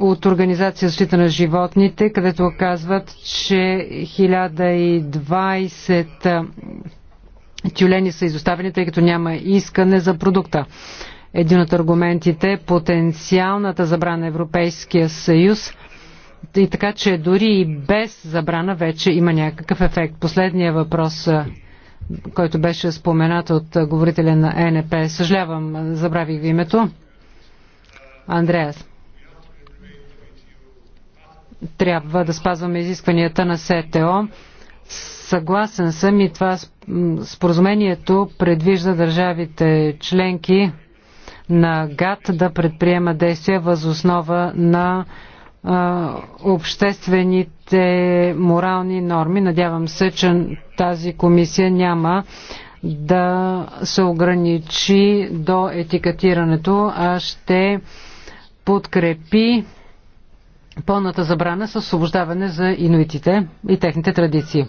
от Организация защита на животните, където казват, че 1020 тюлени са изоставени, тъй като няма искане за продукта. Един от аргументите е потенциалната забрана Европейския съюз и така, че дори и без забрана вече има някакъв ефект. Последния въпрос, който беше споменат от говорителя на НП. съжалявам, забравих ви името. Андреас трябва да спазваме изискванията на СТО. Съгласен съм и това споразумението предвижда държавите членки на ГАТ да предприема действия възоснова на а, обществените морални норми. Надявам се, че тази комисия няма да се ограничи до етикетирането, а ще подкрепи пълната забрана с освобождаване за инуитите и техните традиции.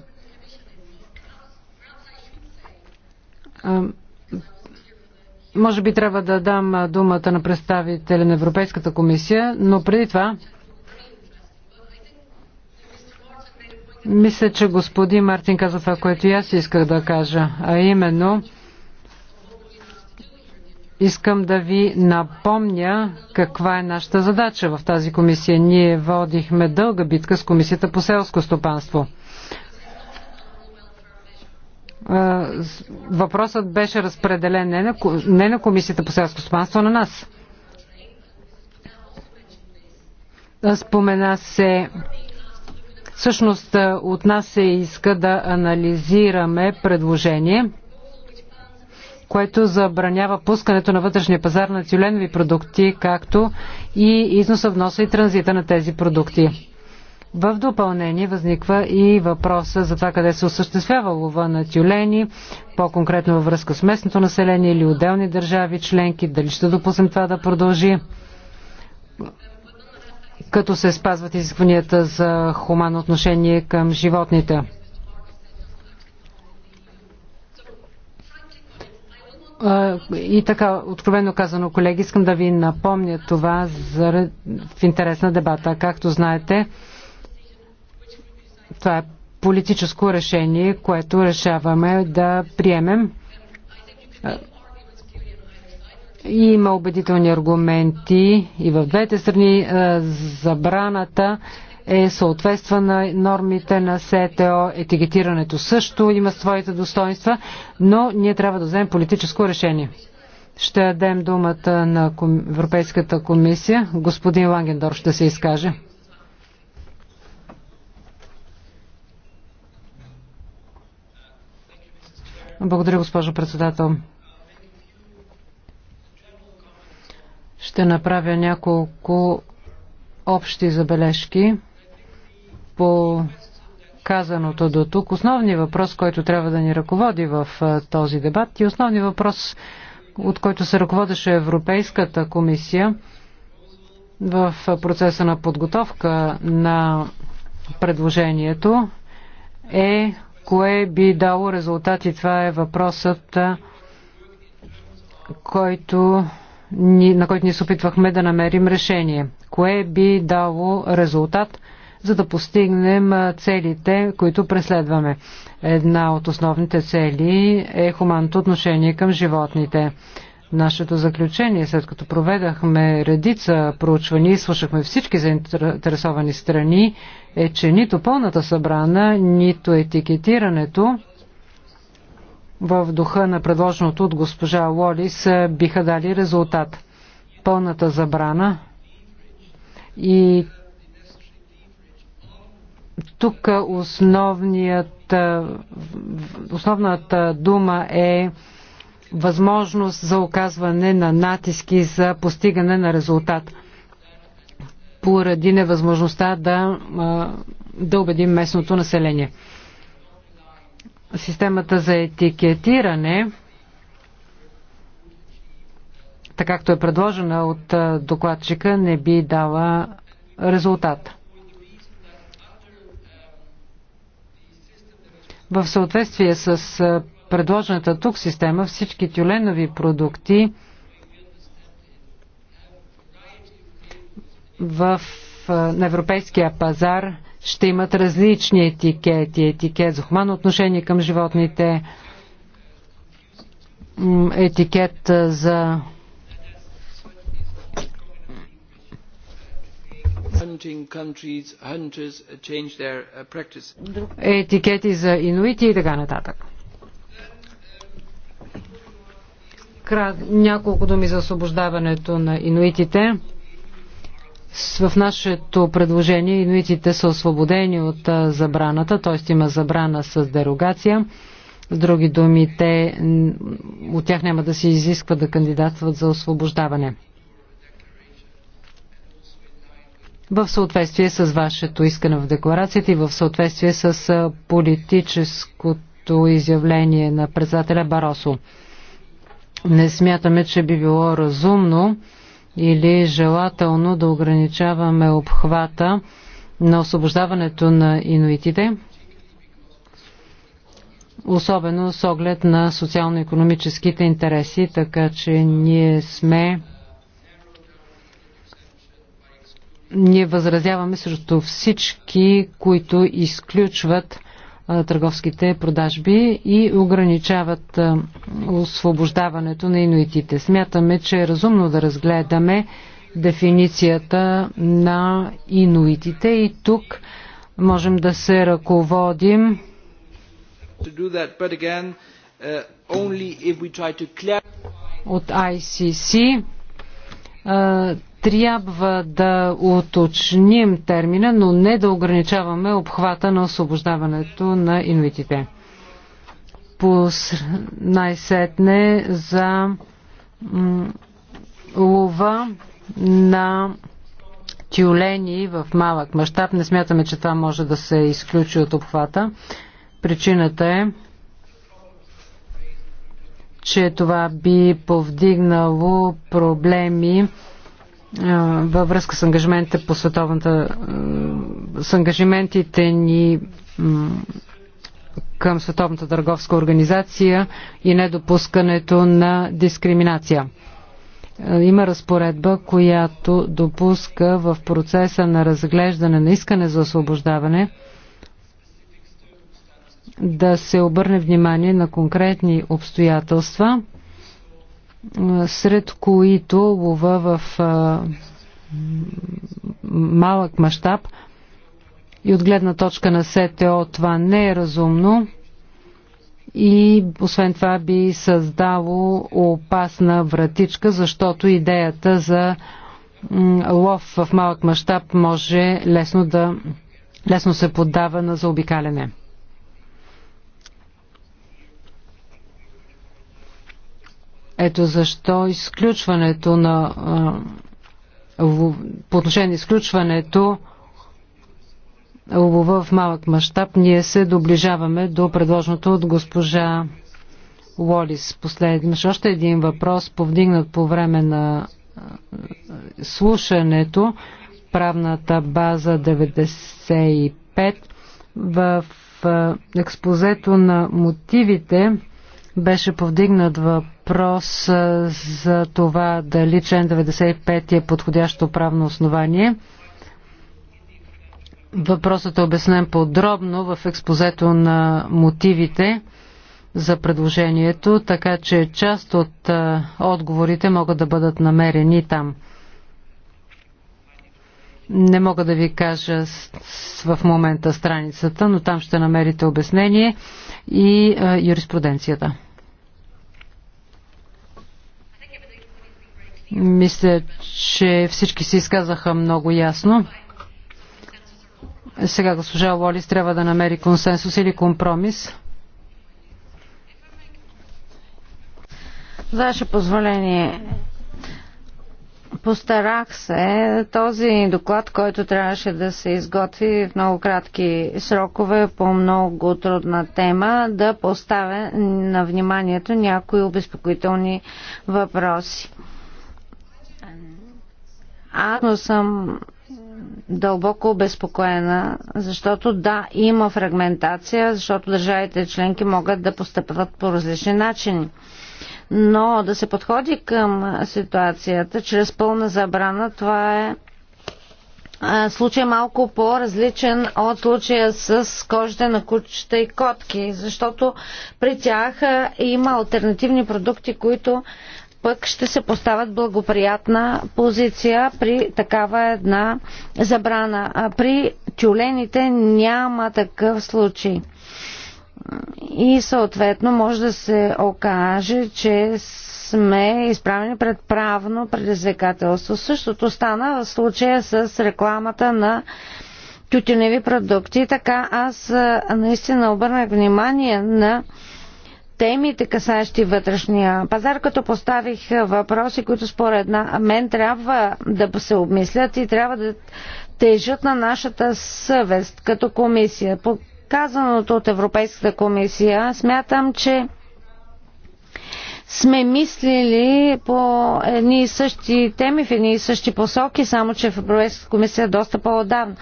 Може би трябва да дам думата на представителя на Европейската комисия, но преди това мисля, че господин Мартин каза това, което и аз исках да кажа, а именно Искам да ви напомня каква е нашата задача в тази комисия. Ние водихме дълга битка с Комисията по селско стопанство. Въпросът беше разпределен не на, не на Комисията по селско стопанство, а на нас. Спомена се Всъщност от нас се иска да анализираме предложение което забранява пускането на вътрешния пазар на тюленови продукти, както и износа, вноса и транзита на тези продукти. В допълнение възниква и въпроса за това къде се осъществява лова на тюлени, по-конкретно във връзка с местното население или отделни държави членки, дали ще допуснем това да продължи като се спазват изискванията за хуманно отношение към животните. И така, откровено казано, колеги, искам да ви напомня това в интерес на дебата. Както знаете, това е политическо решение, което решаваме да приемем. И има убедителни аргументи и в двете страни забраната е съответства на нормите на СТО. Етикетирането също има своите достоинства, но ние трябва да вземем политическо решение. Ще дадем думата на Европейската комисия. Господин Лангендор ще се изкаже. Благодаря, госпожо председател. Ще направя няколко общи забележки по казаното до тук. Основният въпрос, който трябва да ни ръководи в този дебат и основният въпрос, от който се ръководеше Европейската комисия в процеса на подготовка на предложението е кое би дало резултати. Това е въпросът, който на който ни се опитвахме да намерим решение. Кое би дало резултат? за да постигнем целите, които преследваме. Една от основните цели е хуманното отношение към животните. Нашето заключение, след като проведахме редица проучвания и слушахме всички заинтересовани страни, е, че нито пълната събрана, нито етикетирането в духа на предложеното от госпожа Лолис биха дали резултат. Пълната забрана и тук основният, основната дума е възможност за оказване на натиски за постигане на резултат поради невъзможността да, да убедим местното население. Системата за етикетиране, така както е предложена от докладчика, не би дала резултата. В съответствие с предложената тук система, всички тюленови продукти в, на европейския пазар ще имат различни етикети. Етикет за хуманно отношение към животните, етикет за Uh, uh, етикети за инуити и така нататък. Крат, няколко думи за освобождаването на инуитите. В нашето предложение инуитите са освободени от забраната, т.е. има забрана с дерогация. С други думи, те, от тях няма да се изисква да кандидатстват за освобождаване. в съответствие с вашето искане в декларацията и в съответствие с политическото изявление на председателя Баросо. Не смятаме, че би било разумно или желателно да ограничаваме обхвата на освобождаването на инуитите, особено с оглед на социално-економическите интереси, така че ние сме ние възразяваме срещу всички, които изключват търговските продажби и ограничават освобождаването на инуитите. Смятаме, че е разумно да разгледаме дефиницията на инуитите и тук можем да се ръководим uh, от ICC. Трябва да уточним термина, но не да ограничаваме обхвата на освобождаването на инвитите. Пус най-сетне за лова на тюлени в малък мащаб. Не смятаме, че това може да се изключи от обхвата. Причината е, че това би повдигнало проблеми във връзка с ангажиментите по световната с ангажиментите ни към Световната търговска организация и недопускането на дискриминация. Има разпоредба, която допуска в процеса на разглеждане на искане за освобождаване да се обърне внимание на конкретни обстоятелства, сред които лова в а, малък мащаб и от гледна точка на СТО това не е разумно и освен това би създало опасна вратичка, защото идеята за лов в малък мащаб може лесно да лесно се поддава на заобикаляне. Ето защо изключването на по отношение на изключването в малък мащаб, ние се доближаваме до предложеното от госпожа Уолис. Последен. имаше още един въпрос, повдигнат по време на слушането, правната база 95 в експозето на мотивите беше повдигнат въпрос за това дали член 95 е подходящо правно основание. Въпросът е обяснен подробно в експозето на мотивите за предложението, така че част от отговорите могат да бъдат намерени там. Не мога да ви кажа в момента страницата, но там ще намерите обяснение и юриспруденцията. Мисля, че всички се изказаха много ясно. Сега госпожа Лолис трябва да намери консенсус или компромис. За ваше позволение, Постарах се този доклад, който трябваше да се изготви в много кратки срокове по много трудна тема, да поставя на вниманието някои обезпокоителни въпроси. Аз но съм дълбоко обезпокоена, защото да, има фрагментация, защото държавите членки могат да постъпват по различни начини но да се подходи към ситуацията чрез пълна забрана, това е случай малко по-различен от случая с кожите на кучета и котки, защото при тях има альтернативни продукти, които пък ще се поставят благоприятна позиция при такава една забрана. А при тюлените няма такъв случай и съответно може да се окаже, че сме изправени пред правно предизвикателство. Същото стана в случая с рекламата на тютюневи продукти. Така аз наистина обърнах внимание на темите, касащи вътрешния пазар, като поставих въпроси, които според мен трябва да се обмислят и трябва да тежат на нашата съвест като комисия казаното от Европейската комисия, смятам, че сме мислили по едни и същи теми, в едни и същи посоки, само че в Европейската комисия е доста по-отдавна.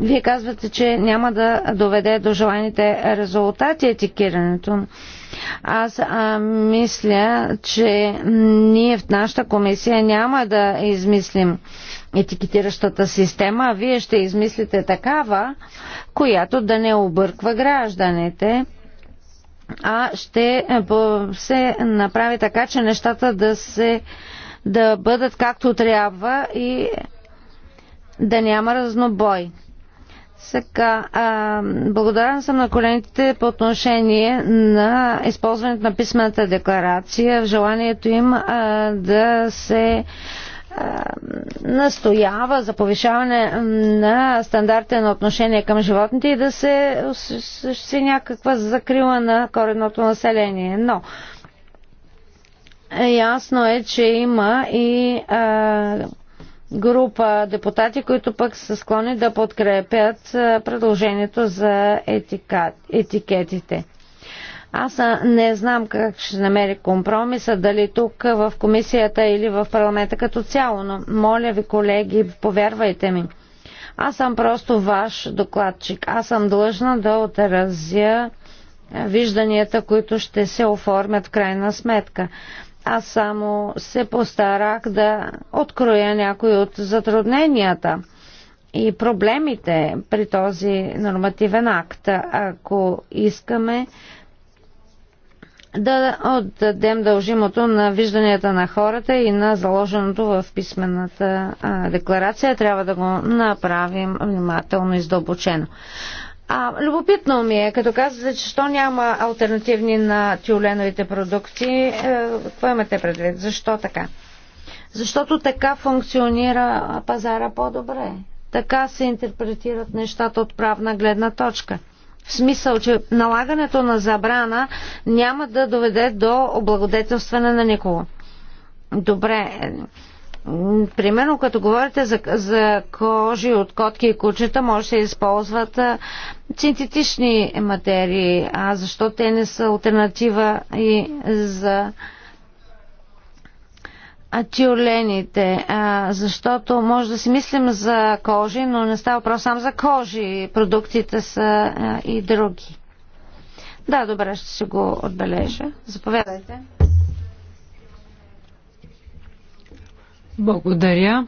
Вие казвате, че няма да доведе до желаните резултати етикирането. Аз а, мисля, че ние в нашата комисия няма да измислим етикетиращата система, а вие ще измислите такава, която да не обърква гражданите, а ще е, се направи така, че нещата да се да бъдат както трябва и да няма разнобой. Сега, а, благодарен съм на колените по отношение на използването на писмената декларация, в желанието им а, да се настоява за повишаване на стандарта на отношение към животните и да се осъществи някаква закрила на коренното население. Но ясно е, че има и а, група депутати, които пък са склонни да подкрепят предложението за етикат, етикетите. Аз не знам как ще намери компромиса, дали тук в комисията или в парламента като цяло, но моля ви, колеги, повярвайте ми. Аз съм просто ваш докладчик. Аз съм длъжна да отразя вижданията, които ще се оформят в крайна сметка. Аз само се постарах да откроя някои от затрудненията и проблемите при този нормативен акт. Ако искаме да отдадем дължимото на вижданията на хората и на заложеното в писмената декларация. Трябва да го направим внимателно и издълбочено. А, любопитно ми е, като казвате, че що няма альтернативни на тюленовите продукти, е, какво имате предвид? Защо така? Защото така функционира пазара по-добре. Така се интерпретират нещата от правна гледна точка. В смисъл, че налагането на забрана няма да доведе до облагодетелстване на никого. Добре. Примерно, като говорите за, за кожи от котки и кучета, може да се използват синтетични материи. А защо те не са альтернатива и за тюлените, а, защото може да си мислим за кожи, но не става въпрос само за кожи. Продуктите са а, и други. Да, добре, ще се го отбележа. Заповядайте. Благодаря.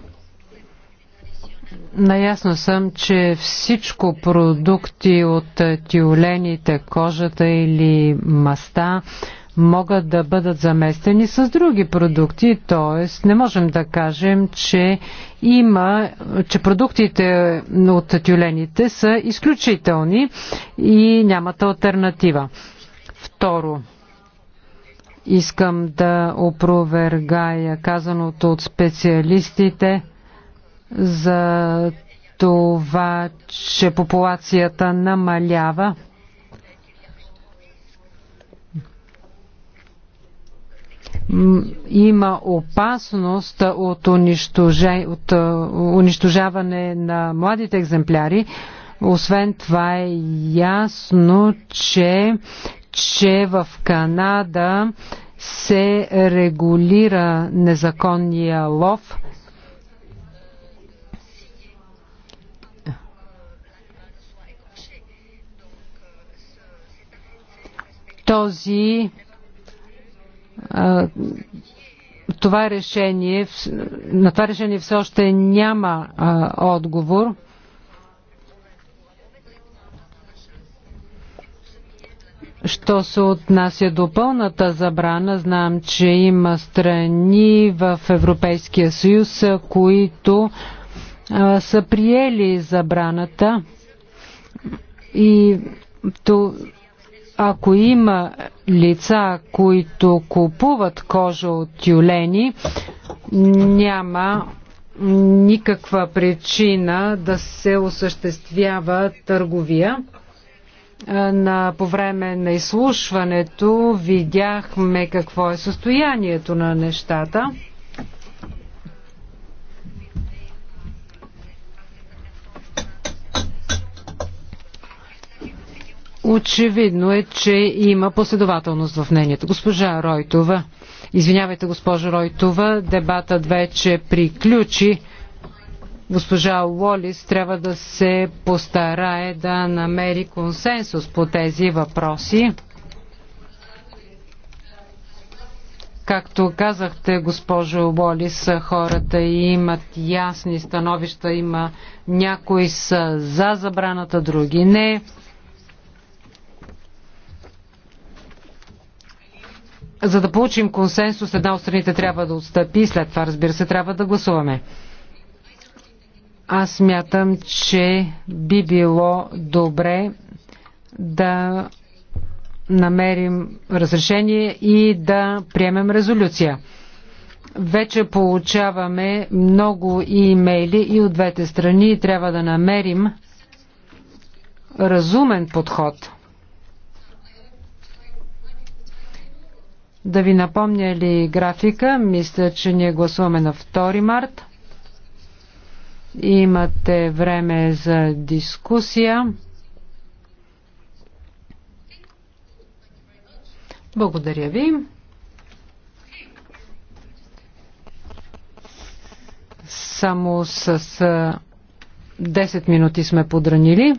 Наясно съм, че всичко продукти от тюлените, кожата или маста, могат да бъдат заместени с други продукти, т.е. не можем да кажем, че има, че продуктите от тюлените са изключителни и нямат альтернатива. Второ, искам да опровергая казаното от специалистите за това, че популацията намалява има опасност от, унищожа, от унищожаване на младите екземпляри. Освен това е ясно, че, че в Канада се регулира незаконния лов. Този това решение, на това решение все още няма а, отговор. Що се отнася до пълната забрана, знам, че има страни в Европейския съюз, които а, са приели забраната и то ако има лица, които купуват кожа от тюлени, няма никаква причина да се осъществява търговия. На, по време на изслушването видяхме какво е състоянието на нещата. Очевидно е, че има последователност в мнението. Госпожа Ройтова, извинявайте госпожа Ройтова, дебатът вече приключи. Госпожа Лолис трябва да се постарае да намери консенсус по тези въпроси. Както казахте, госпожо Болис, хората имат ясни становища, има някои са за забраната, други не. за да получим консенсус, една от страните трябва да отстъпи и след това, разбира се, трябва да гласуваме. Аз мятам, че би било добре да намерим разрешение и да приемем резолюция. Вече получаваме много имейли и от двете страни и трябва да намерим разумен подход – Да ви напомня ли графика? Мисля, че ние гласуваме на 2 март. Имате време за дискусия. Благодаря ви. Само с 10 минути сме подранили.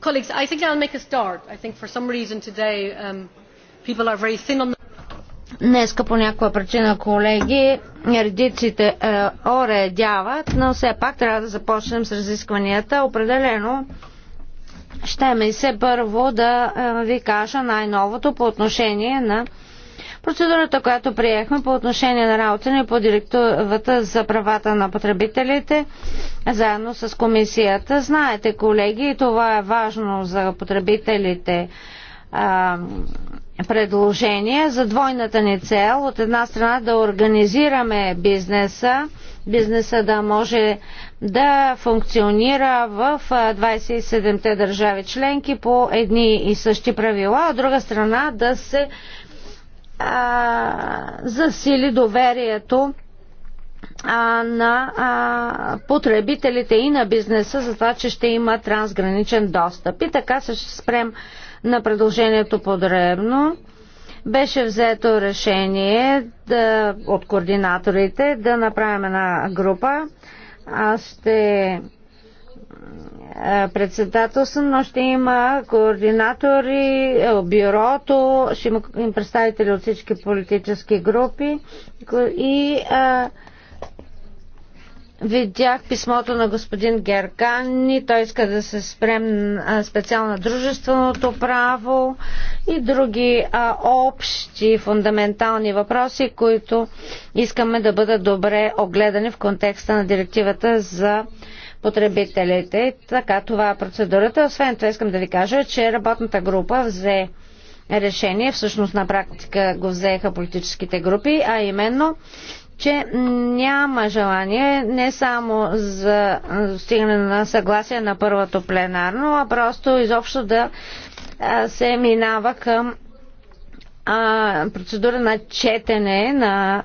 Colleagues, I think i will make a start. I think for some reason today um, people are very thin on the... Днеска по някаква причина, колеги, редиците е, оредяват, но все пак трябва да започнем с разискванията. Определено ще ми се първо да е, ви кажа най-новото по отношение на Процедурата, която приехме по отношение на работа ни по директивата за правата на потребителите, заедно с комисията. Знаете, колеги, това е важно за потребителите предложение за двойната ни цел. От една страна да организираме бизнеса, бизнеса да може да функционира в 27-те държави членки по едни и същи правила, от друга страна да се засили доверието на потребителите и на бизнеса за това, че ще има трансграничен достъп. И така се ще спрем на предложението подребно. Беше взето решение да, от координаторите да направим една група. Аз ще е, председателство, но ще има координатори, е, бюрото, ще има представители от всички политически групи и а, е, видях писмото на господин Геркани, той иска да се спрем на специално дружественото право и други а, общи фундаментални въпроси, които искаме да бъдат добре огледани в контекста на директивата за потребителите. Така, това е процедурата. Освен това искам да ви кажа, че работната група взе решение, всъщност на практика го взеха политическите групи, а именно че няма желание не само за достигане на съгласие на първото пленарно, а просто изобщо да се минава към процедура на четене на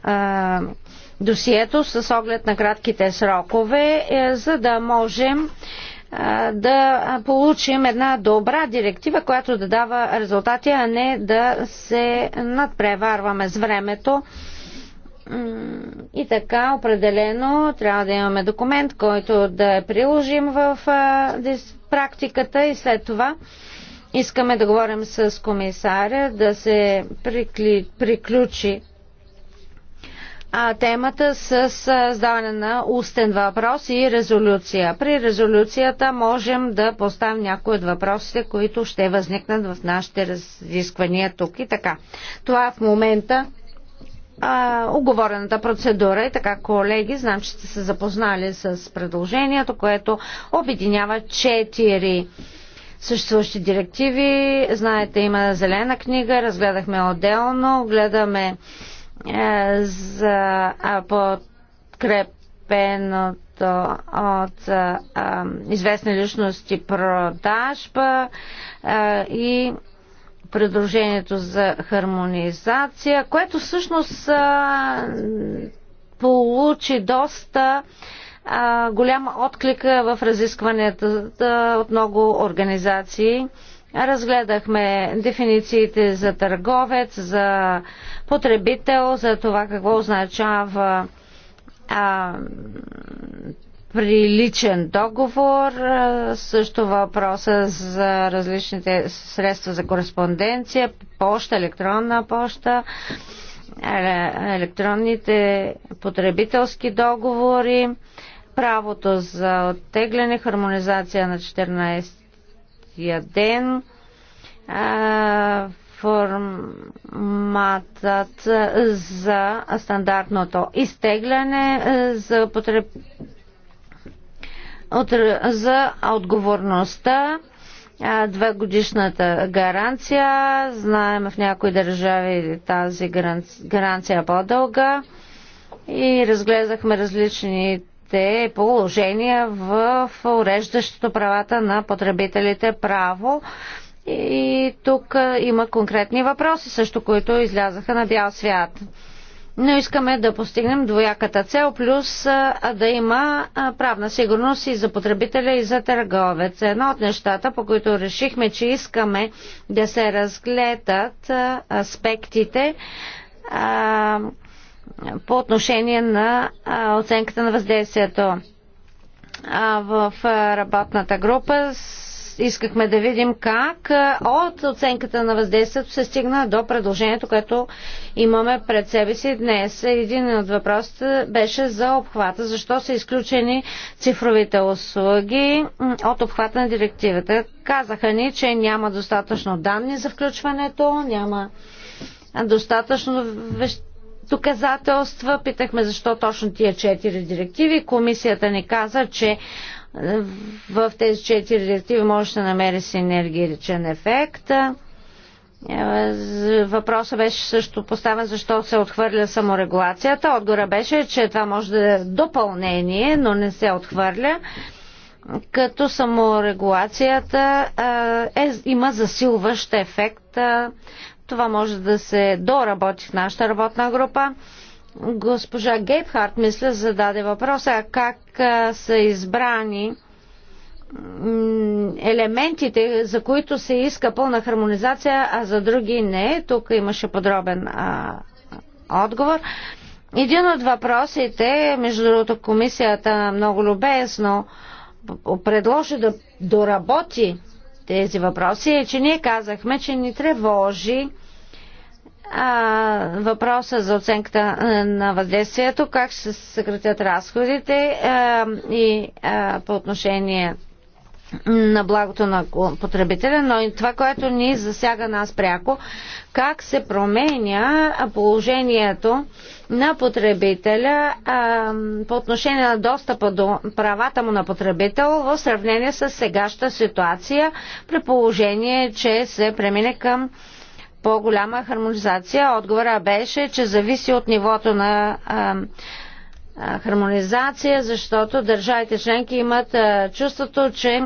досието с оглед на кратките срокове, е, за да можем е, да получим една добра директива, която да дава резултати, а не да се надпреварваме с времето. И така, определено трябва да имаме документ, който да е приложим в е, практиката и след това искаме да говорим с комисаря да се приключи а, темата с задаване на устен въпрос и резолюция. При резолюцията можем да поставим някои от въпросите, които ще възникнат в нашите разисквания тук и така. Това е в момента а, оговорената процедура. И така, колеги, знам, че сте се запознали с предложението, което обединява четири съществуващи директиви. Знаете, има зелена книга, разгледахме отделно, гледаме е, за подкрепеното от известни личности продажба и предложението за хармонизация, което всъщност получи доста а, голяма отклика в разискванията от много организации. Разгледахме дефинициите за търговец, за потребител за това какво означава а, приличен договор, също въпроса за различните средства за кореспонденция, поща, електронна почта, електронните потребителски договори, правото за оттегляне, хармонизация на 14-я ден, форматът за стандартното изтегляне е, за, потреб... от... за отговорността е, две годишната гаранция. Знаем в някои държави тази гаранция е по-дълга и разгледахме различните положения в уреждащото правата на потребителите право. И тук има конкретни въпроси също, които излязаха на бял свят. Но искаме да постигнем двояката цел, плюс да има правна сигурност и за потребителя, и за търговец. Едно от нещата, по които решихме, че искаме да се разгледат аспектите, по отношение на оценката на въздействието. В работната група искахме да видим как е, от оценката на въздействието се стигна до предложението, което имаме пред себе си днес. Един от въпросите беше за обхвата. Защо са изключени цифровите услуги от обхвата на директивата? Казаха ни, че няма достатъчно данни за включването, няма достатъчно вещ доказателства. Питахме защо точно тия четири директиви. Комисията ни каза, че в тези четири директиви може да се намери синергичен ефект. Е, въпросът беше също поставен защо се отхвърля саморегулацията. Отгора беше, че това може да е допълнение, но не се отхвърля като саморегулацията е, е има засилващ ефект. Е, това може да се доработи в нашата работна група. Госпожа Гейбхарт, мисля, зададе въпроса как са избрани елементите, за които се иска пълна хармонизация, а за други не. Тук имаше подробен а, отговор. Един от въпросите, между другото, комисията много любезно предложи да доработи тези въпроси, е, че ние казахме, че ни тревожи а, въпроса за оценката на въздействието, как ще се съкратят разходите а, и а, по отношение на благото на потребителя, но и това, което ни засяга нас пряко, как се променя положението на потребителя а, по отношение на достъпа до правата му на потребител в сравнение с сегашната ситуация, при положение, че се премине към по-голяма хармонизация. Отговора беше, че зависи от нивото на а, а, хармонизация, защото държавите членки имат а, чувството, че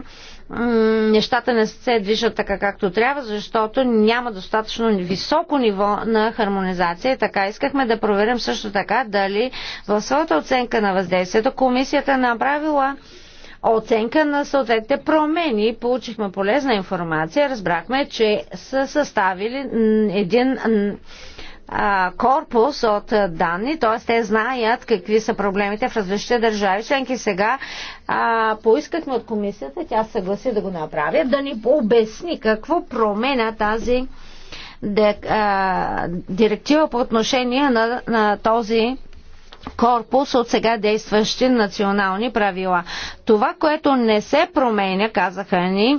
нещата не се движат така както трябва, защото няма достатъчно високо ниво на хармонизация. Така искахме да проверим също така дали в своята оценка на въздействието комисията е направила оценка на съответните промени. Получихме полезна информация. Разбрахме, че са съставили един корпус от данни, т.е. те знаят какви са проблемите в различните държави членки. Сега а, поискахме от комисията, тя съгласи да го направи, да ни обясни какво променя тази директива по отношение на, на този корпус от сега действащи национални правила. Това, което не се променя, казаха ни,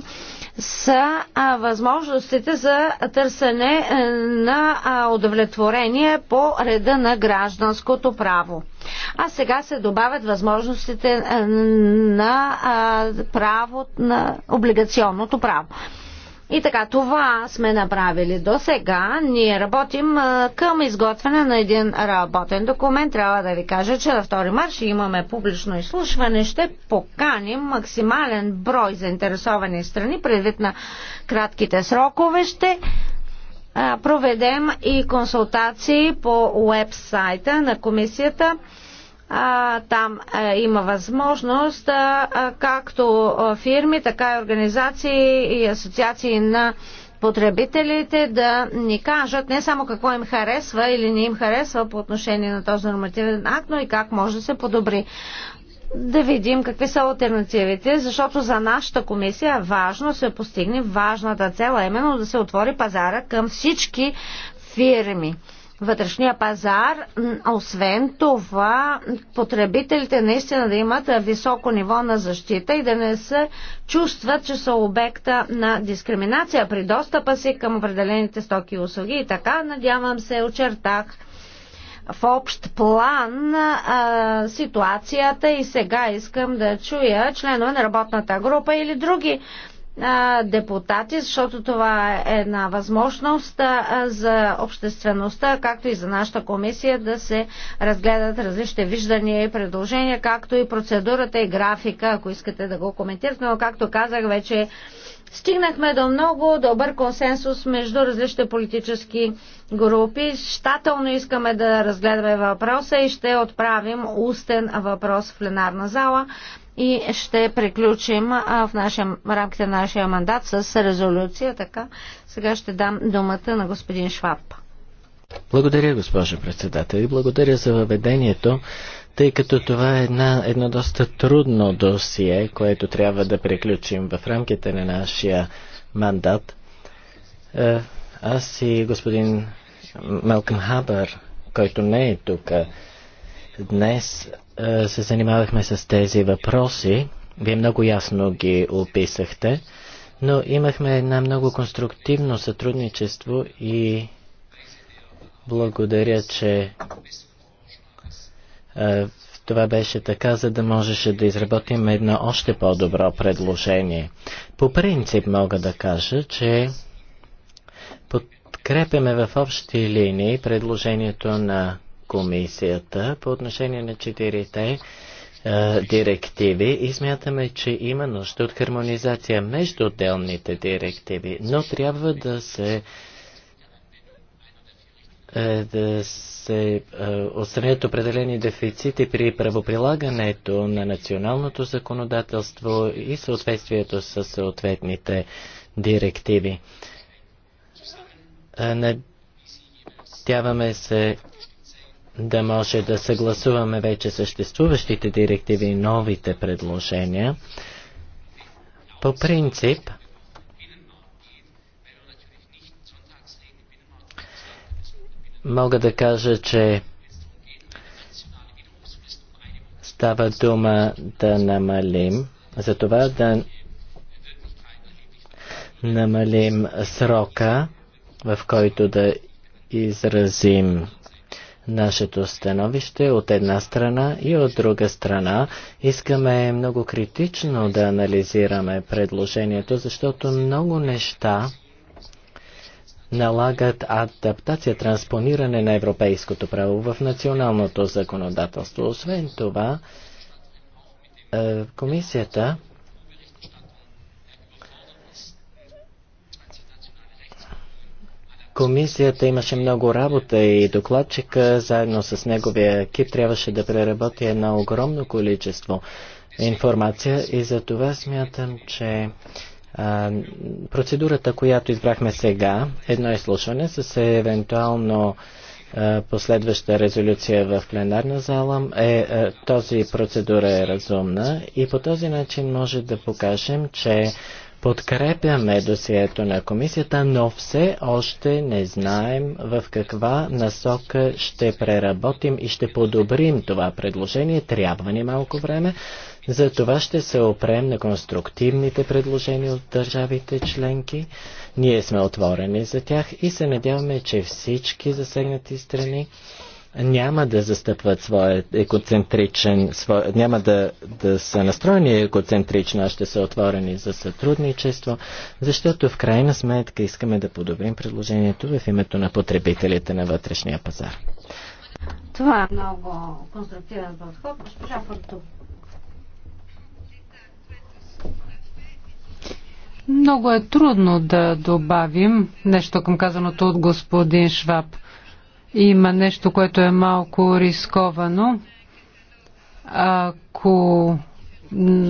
са а, възможностите за търсене е, на а, удовлетворение по реда на гражданското право. А сега се добавят възможностите е, на а, право, на облигационното право. И така, това сме направили до сега. Ние работим към изготвяне на един работен документ. Трябва да ви кажа, че на 2 марш имаме публично изслушване. Ще поканим максимален брой заинтересовани страни, предвид на кратките срокове. Ще проведем и консултации по веб сайта на комисията там е, има възможност, както фирми, така и организации и асоциации на потребителите да ни кажат не само какво им харесва или не им харесва по отношение на този нормативен акт, но и как може да се подобри. Да видим какви са альтернативите, защото за нашата комисия е важно да се постигне важната цел, именно да се отвори пазара към всички фирми вътрешния пазар. Освен това, потребителите наистина да имат високо ниво на защита и да не се чувстват, че са обекта на дискриминация при достъпа си към определените стоки и услуги. И така, надявам се, очертах в общ план а, ситуацията и сега искам да чуя членове на работната група или други депутати, защото това е една възможност за обществеността, както и за нашата комисия да се разгледат различни виждания и предложения, както и процедурата и графика, ако искате да го коментирате, но както казах вече Стигнахме до много добър консенсус между различните политически групи. Щателно искаме да разгледаме въпроса и ще отправим устен въпрос в пленарна зала и ще приключим а, в, нашия, в рамките на нашия мандат с резолюция. Така, сега ще дам думата на господин Шваб. Благодаря, госпожо председател, и благодаря за въведението, тъй като това е една, едно доста трудно досие, което трябва да приключим в рамките на нашия мандат. Е, аз и господин Малкъм Хабър, който не е тук днес, е, се занимавахме с тези въпроси. Вие много ясно ги описахте, но имахме една много конструктивно сътрудничество и благодаря, че е, това беше така, за да можеше да изработим едно още по-добро предложение. По принцип мога да кажа, че подкрепяме в общи линии предложението на комисията по отношение на четирите директиви и смятаме, че има нужда от хармонизация между отделните директиви, но трябва да се е, да се е, отстранят определени дефицити при правоприлагането на националното законодателство и съответствието с съответните директиви. Е, надяваме се да може да съгласуваме вече съществуващите директиви и новите предложения. По принцип, мога да кажа, че става дума да намалим, за това да намалим срока, в който да изразим нашето становище от една страна и от друга страна. Искаме много критично да анализираме предложението, защото много неща налагат адаптация, транспониране на европейското право в националното законодателство. Освен това, е, комисията комисията имаше много работа и докладчика заедно с неговия екип трябваше да преработи едно огромно количество информация и за това смятам, че а, процедурата, която избрахме сега, едно изслушване с евентуално а, последваща резолюция в пленарна зала, е, а, е, този процедура е разумна и по този начин може да покажем, че Подкрепяме досието на комисията, но все още не знаем в каква насока ще преработим и ще подобрим това предложение. Трябва ни малко време. За това ще се опрем на конструктивните предложения от държавите членки. Ние сме отворени за тях и се надяваме, че всички засегнати страни няма да застъпват своя екоцентричен, своя, няма да, да са настроени екоцентрично, а ще са отворени за сътрудничество, защото в крайна сметка искаме да подобрим предложението в името на потребителите на вътрешния пазар. Това е много конструктивен подход. Госпожа Форту. Много е трудно да добавим нещо към казаното от господин Шваб. Има нещо, което е малко рисковано. Ако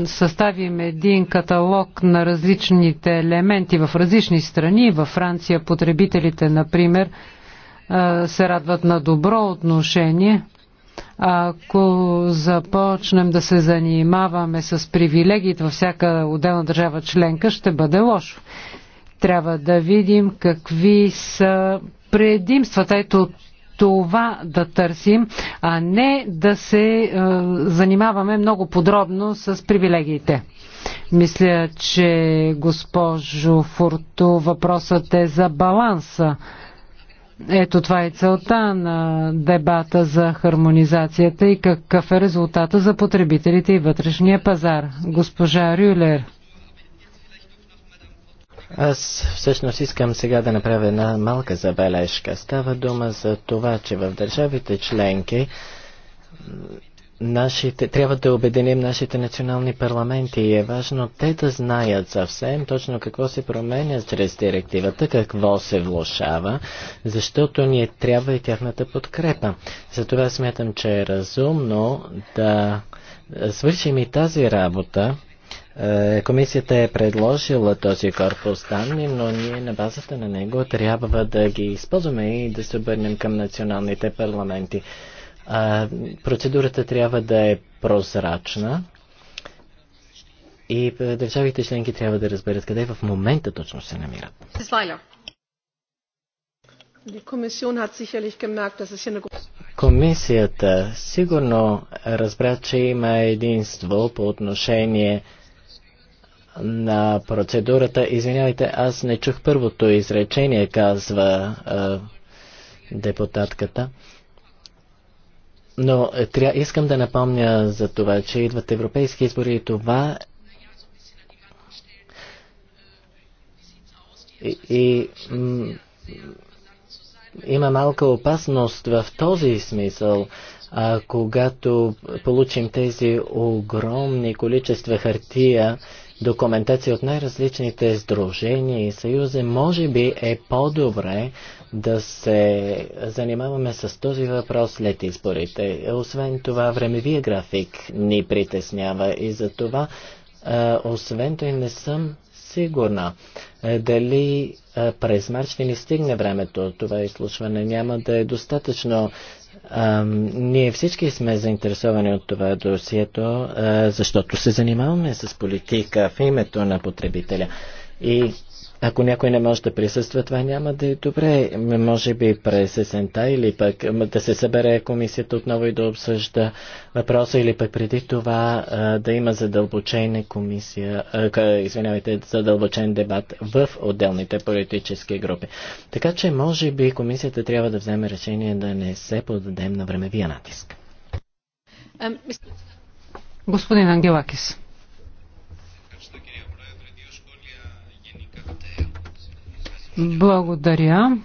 съставим един каталог на различните елементи в различни страни, във Франция потребителите, например, се радват на добро отношение. Ако започнем да се занимаваме с привилегиите във всяка отделна държава членка, ще бъде лошо. Трябва да видим какви са предимствата. Ето това да търсим, а не да се е, занимаваме много подробно с привилегиите. Мисля, че госпожо Фурто, въпросът е за баланса. Ето това е целта на дебата за хармонизацията и какъв е резултата за потребителите и вътрешния пазар. Госпожа Рюлер. Аз всъщност искам сега да направя една малка забележка. Става дума за това, че в държавите членки нашите, трябва да обединим нашите национални парламенти и е важно те да знаят съвсем точно какво се променя чрез директивата, какво се влушава, защото ние трябва и тяхната подкрепа. Затова смятам, че е разумно да свършим и тази работа, е, комисията е предложила този корпус данни, но ние на базата на него трябва да ги използваме и да се обърнем към националните парламенти. Процедурата трябва да е прозрачна и е, държавите членки трябва да разберат къде в момента точно се намират. Комисията сигурно разбра, че има единство по отношение на процедурата. Извинявайте, аз не чух първото изречение, казва а, депутатката. Но е, тря, искам да напомня за това, че идват европейски избори и това и, и има малка опасност в този смисъл, а, когато получим тези огромни количества хартия документация от най-различните сдружения и съюзи, може би е по-добре да се занимаваме с този въпрос след изборите. Освен това, времевия график ни притеснява и за това, освен това, не съм сигурна дали през март ще ни стигне времето. Това изслушване няма да е достатъчно ние всички сме заинтересовани от това досието, а, защото се занимаваме с политика в името на потребителя. И ако някой не може да присъства, това няма да е добре. Може би през есента или пък да се събере комисията отново и да обсъжда въпроса или пък преди това да има задълбочена комисия, извинявайте, задълбочен дебат в отделните политически групи. Така че може би комисията трябва да вземе решение да не се подадем на времевия натиск. Господин Ангелакис. Благодаря.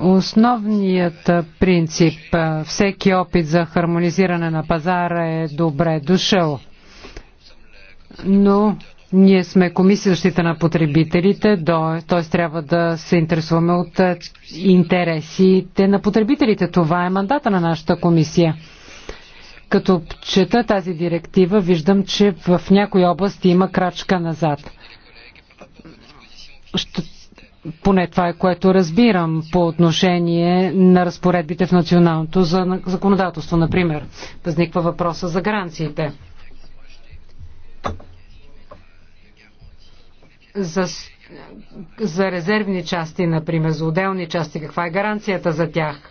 Основният принцип всеки опит за хармонизиране на пазара е добре дошъл. Но ние сме комисия защита на потребителите, т.е. трябва да се интересуваме от интересите на потребителите. Това е мандата на нашата комисия. Като чета тази директива, виждам, че в някои области има крачка назад ще, поне това е което разбирам по отношение на разпоредбите в националното законодателство. Например, възниква въпроса за гаранциите. За, за резервни части, например, за отделни части, каква е гаранцията за тях?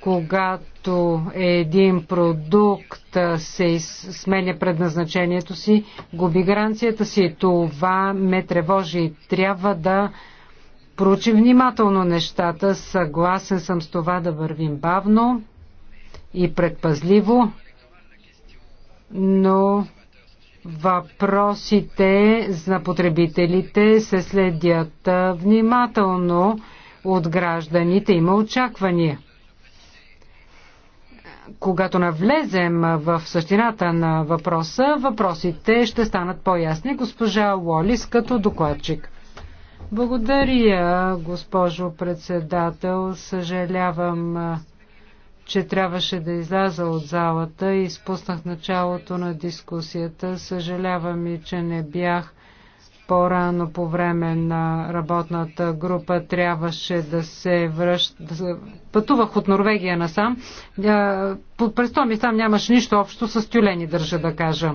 когато един продукт се сменя предназначението си, губи гаранцията си. Това ме тревожи. Трябва да проучим внимателно нещата. Съгласен съм с това да вървим бавно и предпазливо, но въпросите за потребителите се следят внимателно от гражданите. Има очаквания когато навлезем в същината на въпроса, въпросите ще станат по-ясни. Госпожа Лолис като докладчик. Благодаря, госпожо председател. Съжалявам, че трябваше да изляза от залата и изпуснах началото на дискусията. Съжалявам и, че не бях по-рано по време на работната група трябваше да се връща. Пътувах от Норвегия насам. Е, през то ми сам нямаше нищо общо с тюлени, държа да кажа.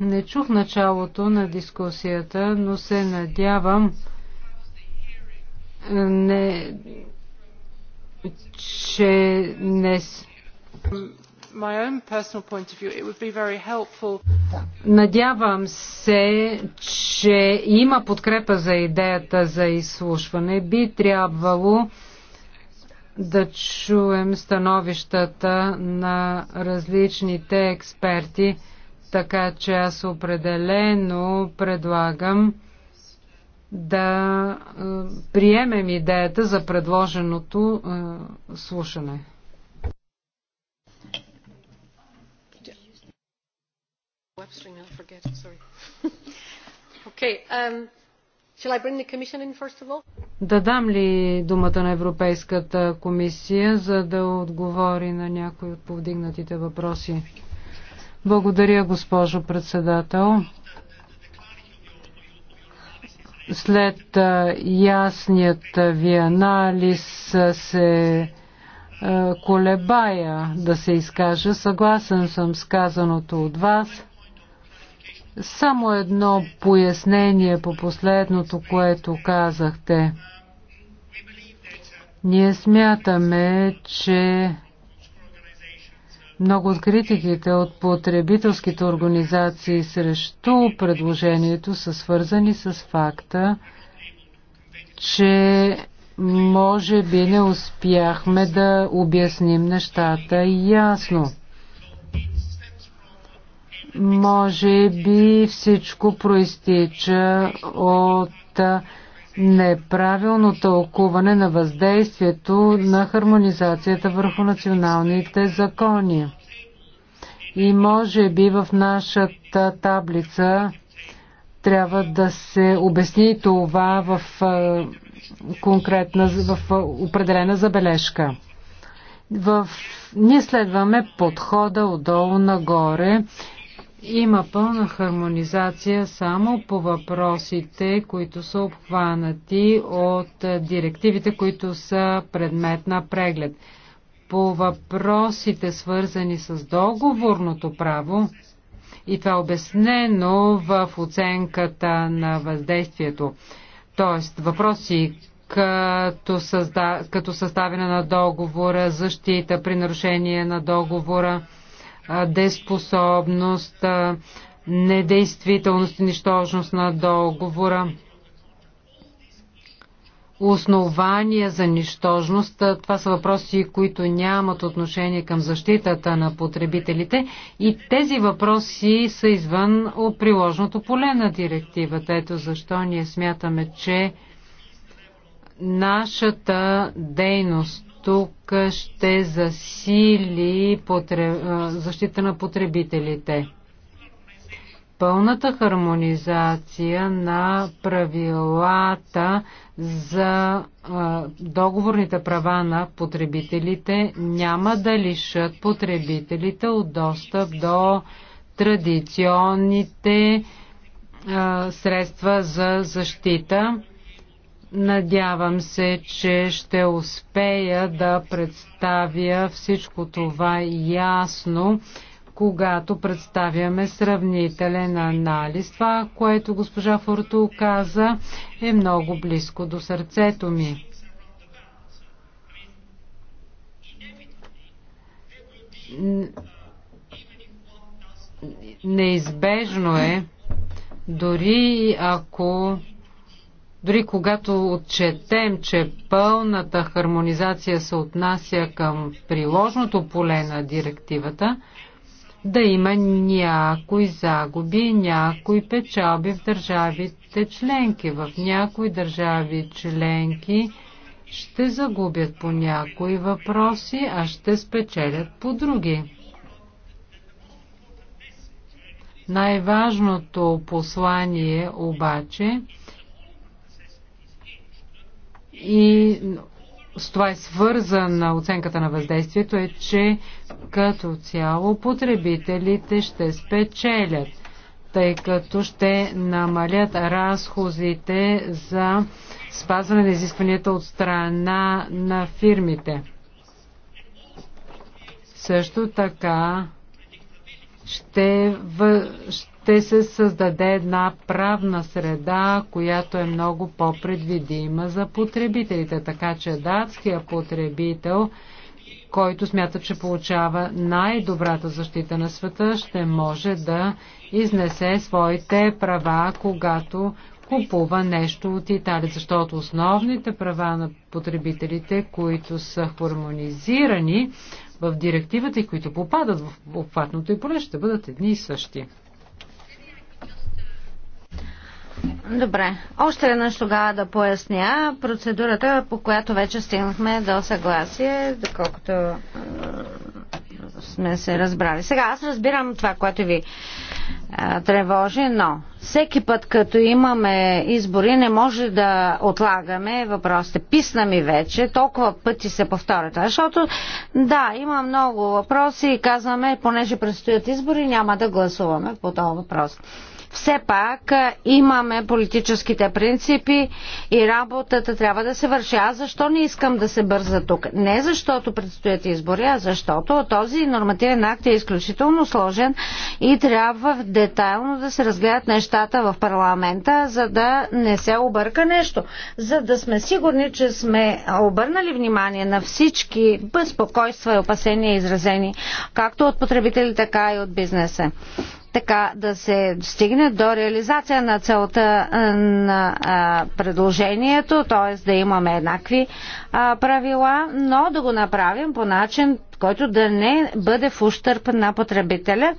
Не чух началото на дискусията, но се надявам е, не, че не Надявам се, че има подкрепа за идеята за изслушване. Би трябвало да чуем становищата на различните експерти, така че аз определено предлагам да е, приемем идеята за предложеното е, слушане. Webster now, forget, sorry. okay, um, shall I bring the commission in first of all? Да дам ли думата на Европейската комисия, за да отговори на някои от повдигнатите въпроси? Благодаря, госпожо председател. След ясният ви анализ се колебая да се изкажа. Съгласен съм с казаното от вас. Само едно пояснение по последното, което казахте. Ние смятаме, че много от критиките от потребителските организации срещу предложението са свързани с факта, че може би не успяхме да обясним нещата ясно. Може би всичко проистича от неправилно тълкуване на въздействието на хармонизацията върху националните закони. И може би в нашата таблица трябва да се обясни това в конкретна, в определена забележка. В... Ние следваме подхода отдолу нагоре има пълна хармонизация само по въпросите, които са обхванати от директивите, които са предмет на преглед. По въпросите, свързани с договорното право, и това е обяснено в оценката на въздействието. Т.е. въпроси като, създа, като съставяне на договора, защита при нарушение на договора, деспособност, недействителност и нищожност на договора, основания за нищожност. Това са въпроси, които нямат отношение към защитата на потребителите и тези въпроси са извън приложното поле на директивата. Ето защо ние смятаме, че нашата дейност тук ще засили потреб... защита на потребителите. Пълната хармонизация на правилата за договорните права на потребителите няма да лишат потребителите от достъп до традиционните средства за защита Надявам се, че ще успея да представя всичко това ясно, когато представяме сравнителен анализ. Това, което госпожа Форту каза, е много близко до сърцето ми. Неизбежно е, дори ако дори когато отчетем, че пълната хармонизация се отнася към приложното поле на директивата, да има някои загуби, някои печалби в държавите членки. В някои държави членки ще загубят по някои въпроси, а ще спечелят по други. Най-важното послание обаче е, и с това е свързана оценката на въздействието е, че като цяло потребителите ще спечелят, тъй като ще намалят разходите за спазване на изискванията от страна на фирмите. Също така ще, ще ще се създаде една правна среда, която е много по-предвидима за потребителите. Така че датския потребител, който смята, че получава най-добрата защита на света, ще може да изнесе своите права, когато купува нещо от Италия, защото основните права на потребителите, които са хармонизирани в директивата и които попадат в обхватното и поле, ще бъдат едни и същи. Добре. Още веднъж тогава да поясня процедурата, по която вече стигнахме до съгласие, доколкото сме се разбрали. Сега аз разбирам това, което ви тревожи, но всеки път, като имаме избори, не може да отлагаме въпросите. Писна ми вече, толкова пъти се повторят, защото да, има много въпроси и казваме, понеже предстоят избори, няма да гласуваме по този въпрос. Все пак имаме политическите принципи и работата трябва да се върши. Аз защо не искам да се бърза тук? Не защото предстоят избори, а защото този нормативен акт е изключително сложен и трябва детайлно да се разгледат нещата в парламента, за да не се обърка нещо. За да сме сигурни, че сме обърнали внимание на всички безпокойства и опасения изразени, както от потребители, така и от бизнеса така да се стигне до реализация на целта на предложението, т.е. да имаме еднакви правила, но да го направим по начин, който да не бъде в ущърп на потребителя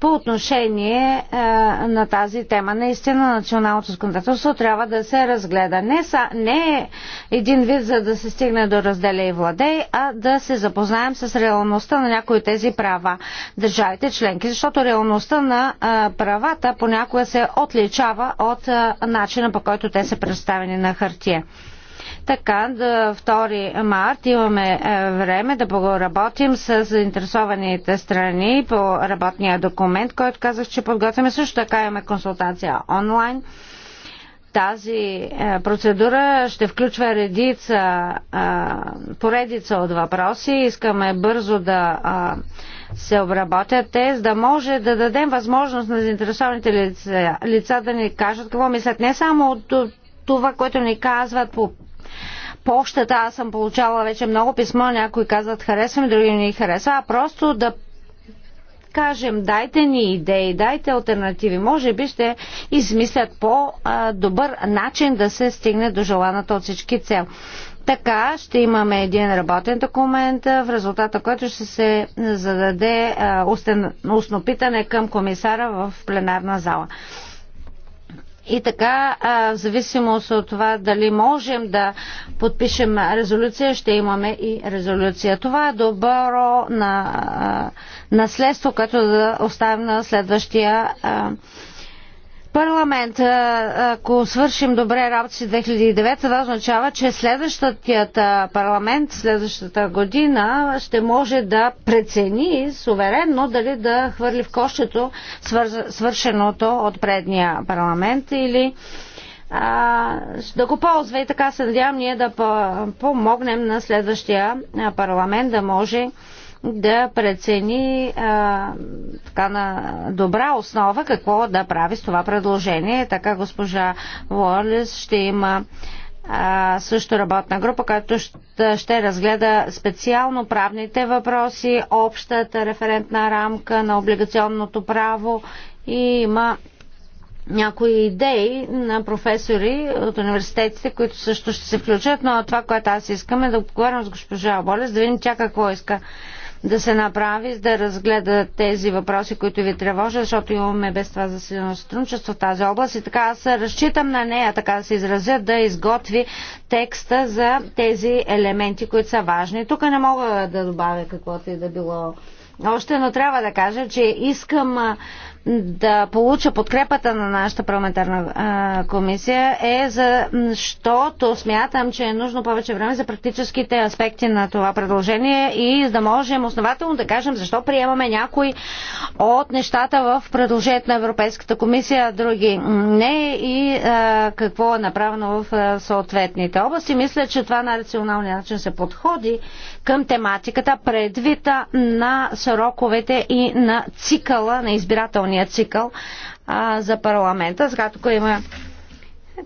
по отношение а, е, на тази тема. Наистина националното законодателство трябва да се разгледа. Не, са, не е един вид, за да се стигне до разделя и владей, а да се запознаем с реалността на някои тези права държавите членки, защото реалността на а, е, правата понякога се отличава от а, е, начина по който те са представени на хартия. Така, да 2 март имаме е, време да поработим с заинтересованите страни по работния документ, който казах, че подготвяме. Също така имаме консултация онлайн тази е, процедура ще включва редица, е, поредица от въпроси. Искаме бързо да се обработят те, за да може да дадем възможност на заинтересованите лица, лица да ни кажат какво мислят не само от това, което ни казват по пощата. Аз съм получавала вече много писма, някои казват харесвам, други не харесва, а просто да кажем, дайте ни идеи, дайте альтернативи. Може би ще измислят по-добър начин да се стигне до желаната от всички цел. Така ще имаме един работен документ, в резултата който ще се зададе устно питане към комисара в пленарна зала. И така, в зависимост от това дали можем да подпишем резолюция, ще имаме и резолюция. Това е добро на, наследство, което да оставим на следващия парламент, ако свършим добре работа си 2009, това означава, че следващият парламент, следващата година ще може да прецени суверенно дали да хвърли в кощето свършеното от предния парламент или а, да го ползва и така се надявам ние да помогнем на следващия парламент да може да прецени а, така на добра основа какво да прави с това предложение. Така госпожа Уолес ще има а, също работна група, която ще, ще разгледа специално правните въпроси, общата референтна рамка на облигационното право и има някои идеи на професори от университетите, които също ще се включат, но това, което аз искам е да поговорим с госпожа Болес, да видим тя какво иска да се направи, да разгледа тези въпроси, които ви тревожат, защото имаме без това засилено сътрудничество в тази област. И така аз разчитам на нея, така да се изразя, да изготви текста за тези елементи, които са важни. Тук не мога да добавя каквото и да било още, но трябва да кажа, че искам да получа подкрепата на нашата парламентарна а, комисия е защото смятам, че е нужно повече време за практическите аспекти на това предложение и да можем основателно да кажем защо приемаме някои от нещата в предложението на Европейската комисия, а други не и а, какво е направено в а, съответните области. Мисля, че това на рационалния начин се подходи към тематиката предвита на сроковете и на цикъла на избирателни изборния цикъл а, за парламента. Сега тук има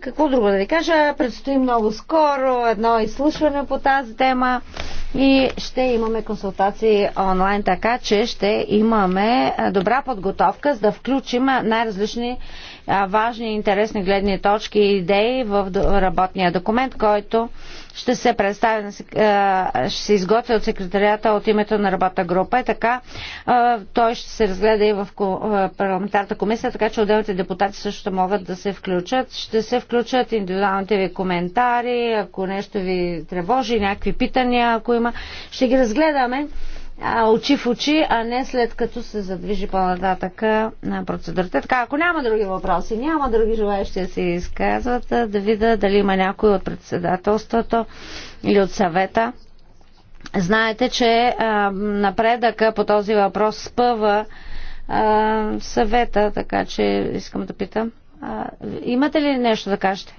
какво друго да ви кажа, предстои много скоро едно изслушване по тази тема и ще имаме консултации онлайн, така че ще имаме добра подготовка, за да включим най-различни важни, и интересни гледни точки и идеи в работния документ, който ще се представи, ще се изготвя от секретарията от името на работна група и е така той ще се разгледа и в парламентарната комисия, така че отделните депутати също могат да се включат. Ще се включат индивидуалните ви коментари, ако нещо ви тревожи, някакви питания, ако има. Ще ги разгледаме а, очи в очи, а не след като се задвижи по-нататък на процедурата. Така, ако няма други въпроси, няма други желаящи да се изказват, да видя дали има някой от председателството или от съвета. Знаете, че а, напредъка по този въпрос спъва а, съвета, така че искам да питам. А, имате ли нещо да кажете?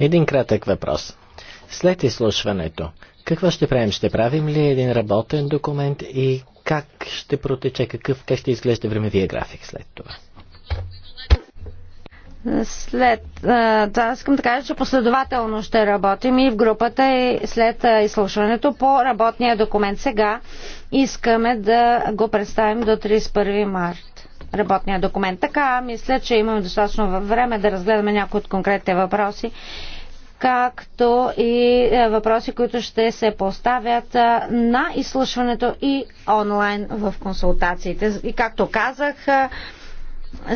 Един кратък въпрос. След изслушването, какво ще правим? Ще правим ли един работен документ и как ще протече, какъв, как ще изглежда времевия график след това? След това искам да кажа, че последователно ще работим и в групата и след изслушването по работния документ. Сега искаме да го представим до 31 март работния документ. Така, мисля, че имаме достатъчно време да разгледаме някои от конкретните въпроси както и е, въпроси, които ще се поставят е, на изслушването и онлайн в консултациите. И както казах, е,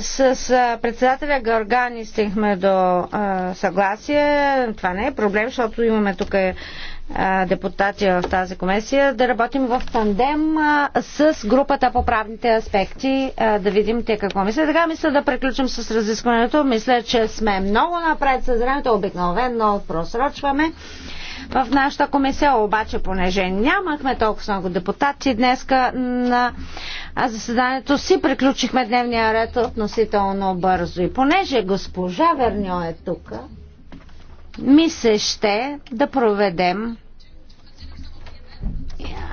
с председателя Гаргани стихме до съгласие. Това не е проблем, защото имаме тук депутати в тази комисия, да работим в тандем с групата по правните аспекти, да видим те какво мислят. Така мисля да приключим с разискването. Мисля, че сме много напред с времето, обикновено просрочваме. В нашата комисия обаче, понеже нямахме толкова много депутати днеска на заседанието си, приключихме дневния ред относително бързо. И понеже госпожа Верньо е тук, ми се ще да проведем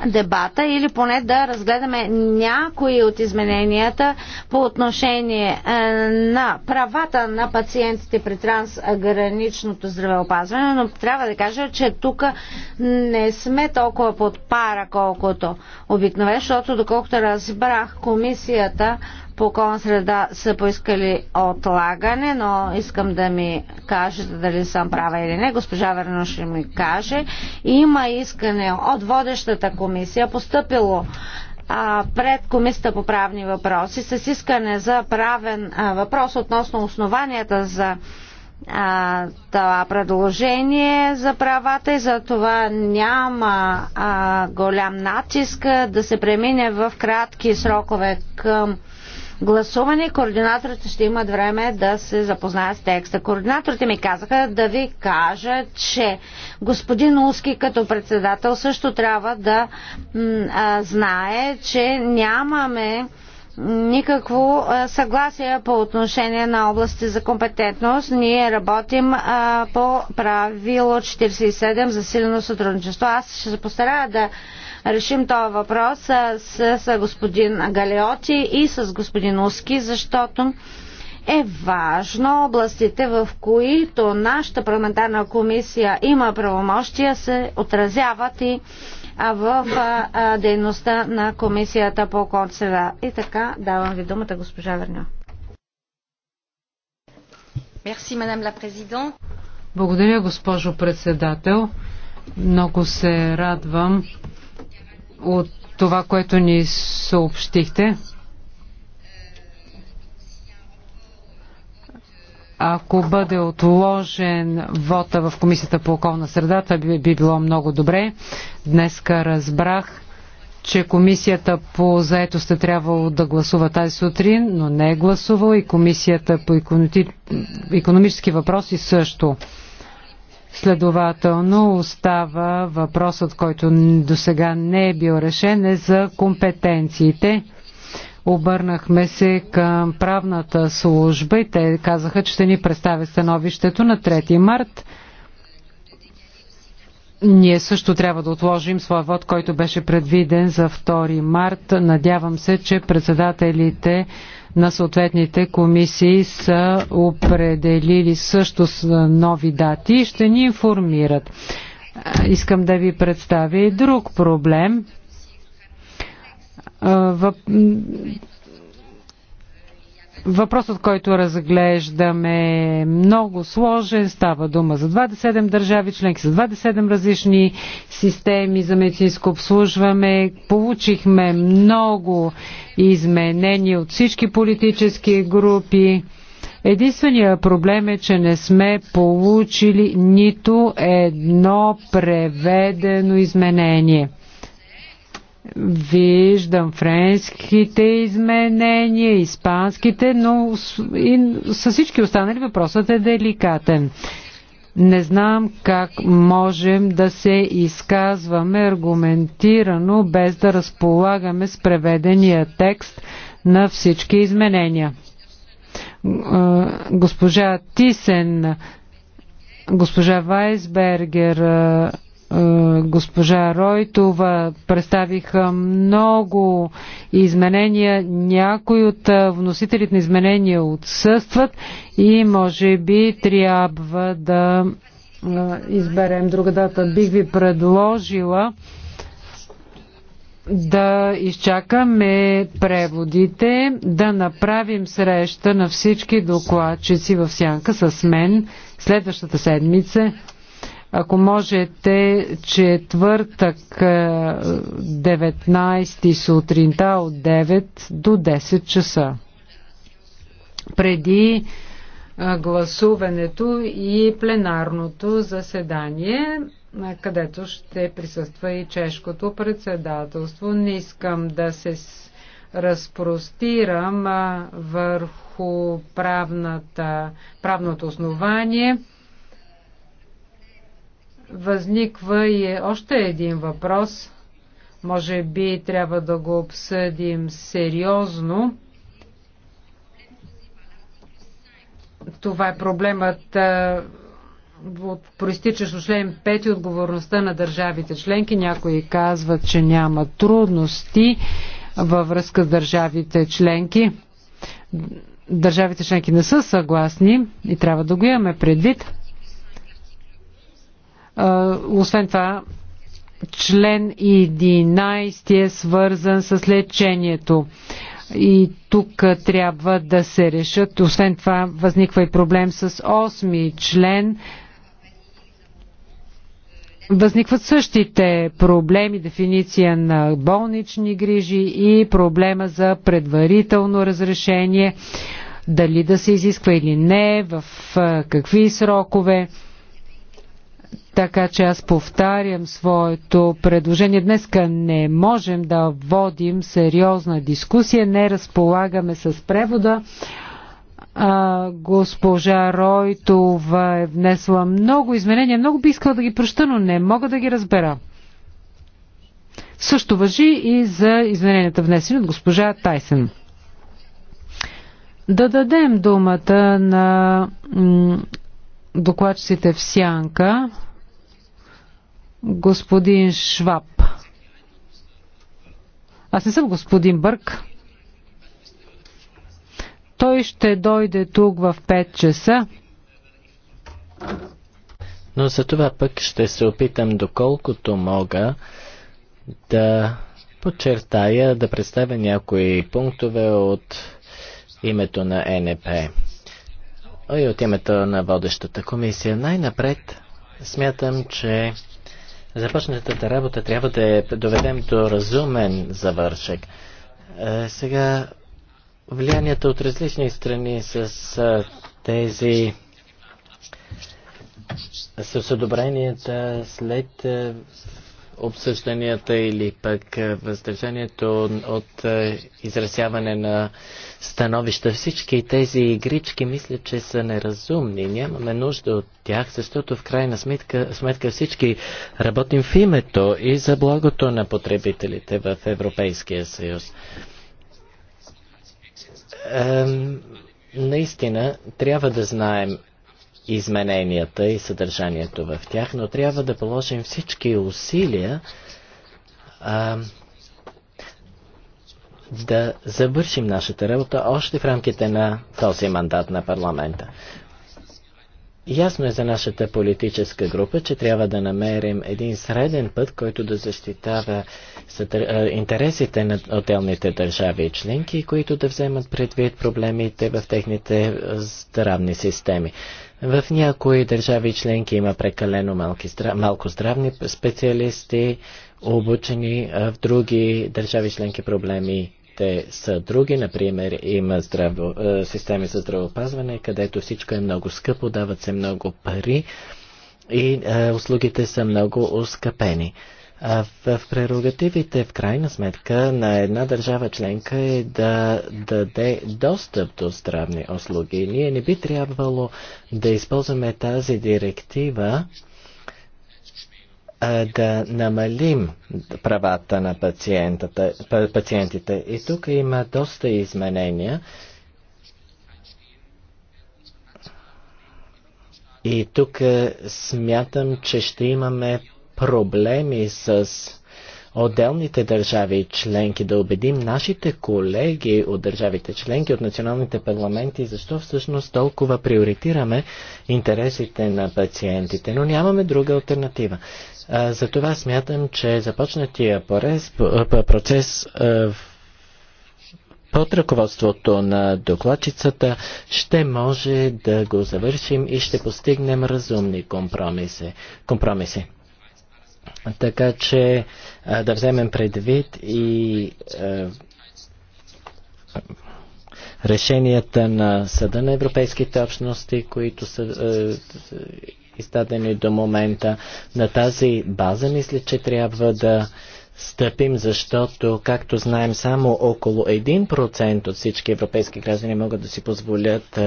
дебата или поне да разгледаме някои от измененията по отношение е, на правата на пациентите при трансграничното здравеопазване, но трябва да кажа, че тук не сме толкова под пара, колкото обикновено, защото доколкото разбрах, комисията по околна среда са поискали отлагане, но искам да ми кажете дали съм права или не. Госпожа Верно ще ми каже. Има искане от водещата комисия, поступило а, пред Комисията по правни въпроси с искане за правен а, въпрос относно основанията за а, това предложение за правата и за това няма а, голям натиск да се премине в кратки срокове към гласуване. Координаторите ще имат време да се запознаят с текста. Координаторите ми казаха да ви кажа, че господин Уски като председател също трябва да знае, че нямаме никакво съгласие по отношение на области за компетентност. Ние работим а, по правило 47 за силено сътрудничество. Аз ще се постарая да решим този въпрос с, с господин Галеоти и с господин Уски, защото е важно областите, в които нашата парламентарна комисия има правомощия, се отразяват и в дейността на комисията по околната среда. И така давам ви думата, госпожа Верня. Благодаря, госпожо председател. Много се радвам, от това, което ни съобщихте. Ако бъде отложен вота в Комисията по околна среда, това би, би било много добре. Днеска разбрах, че Комисията по заетостта е трябвало да гласува тази сутрин, но не е гласувала и Комисията по економически въпроси също. Следователно остава въпросът, който до сега не е бил решен, е за компетенциите. Обърнахме се към правната служба и те казаха, че ще ни представят становището на 3 март. Ние също трябва да отложим своя вод, който беше предвиден за 2 март. Надявам се, че председателите на съответните комисии са определили също с нови дати и ще ни информират. Искам да ви представя и друг проблем. Въпросът, който разглеждаме е много сложен. Става дума за 27 държави, членки за 27 различни системи за медицинско обслужване. Получихме много изменения от всички политически групи. Единственият проблем е, че не сме получили нито едно преведено изменение. Виждам френските изменения, испанските, но и с всички останали въпросът е деликатен. Не знам как можем да се изказваме аргументирано, без да разполагаме с преведения текст на всички изменения. Госпожа Тисен, госпожа Вайсбергер, е, госпожа Ройтова представиха много изменения. Някои от е, вносителите на изменения отсъстват и може би трябва да е, изберем друга дата. Бих ви предложила да изчакаме преводите, да направим среща на всички докладчици в сянка с мен следващата седмица. Ако можете четвъртък 19 е, сутринта от 9 до 10 часа. Преди е, гласуването и пленарното заседание, е, където ще присъства и чешкото председателство. Не искам да се разпростирам върху правната, правното основание. Възниква и е още един въпрос. Може би трябва да го обсъдим сериозно. Това е проблемът от проистичащ член 5 и отговорността на държавите членки. Някои казват, че няма трудности във връзка с държавите членки. Държавите членки не са съгласни и трябва да го имаме предвид. Освен това, член 11 е свързан с лечението. И тук трябва да се решат. Освен това, възниква и проблем с 8 член. Възникват същите проблеми, дефиниция на болнични грижи и проблема за предварително разрешение, дали да се изисква или не, в какви срокове. Така че аз повтарям своето предложение. Днеска не можем да водим сериозна дискусия, не разполагаме с превода. А, госпожа Ройтова е внесла много изменения. Много би искала да ги проща, но не мога да ги разбера. Също въжи и за измененията внесени от госпожа Тайсен. Да дадем думата на докладчиците в сянка господин Шваб. Аз не съм господин Бърк. Той ще дойде тук в 5 часа. Но за това пък ще се опитам доколкото мога да подчертая, да представя някои пунктове от името на НП и от името на водещата комисия. Най-напред смятам, че Започнатата работа трябва да я доведем до разумен завършек. Е, сега влиянията от различни страни с тези с одобренията след обсъжданията или пък е, въздържанието от е, изразяване на становища. Всички тези игрички мисля, че са неразумни. Нямаме нужда от тях, защото в крайна сметка, сметка всички работим в името и за благото на потребителите в Европейския съюз. Ем, наистина трябва да знаем измененията и съдържанието в тях, но трябва да положим всички усилия а, да завършим нашата работа още в рамките на този мандат на парламента. Ясно е за нашата политическа група, че трябва да намерим един среден път, който да защитава интересите на отделните държави и членки, които да вземат предвид проблемите в техните здравни системи. В някои държави членки има прекалено малки, малко здравни специалисти, обучени, а в други държави членки проблеми те са други. Например, има здраво, системи за здравеопазване, където всичко е много скъпо, дават се много пари и услугите са много ускъпени. В прерогативите, в крайна сметка, на една държава членка е да даде достъп до здравни услуги. Ние не би трябвало да използваме тази директива да намалим правата на пациентите. И тук има доста изменения. И тук смятам, че ще имаме проблеми с отделните държави и членки, да убедим нашите колеги от държавите членки, от националните парламенти, защо всъщност толкова приоритираме интересите на пациентите. Но нямаме друга альтернатива. Затова смятам, че започнатия порез, процес в под ръководството на докладчицата ще може да го завършим и ще постигнем разумни компромиси. компромиси. Така че да вземем предвид и е, решенията на Съда на Европейските общности, които са е, издадени до момента. На тази база мисля, че трябва да стъпим, защото, както знаем, само около 1% от всички европейски граждани могат да си позволят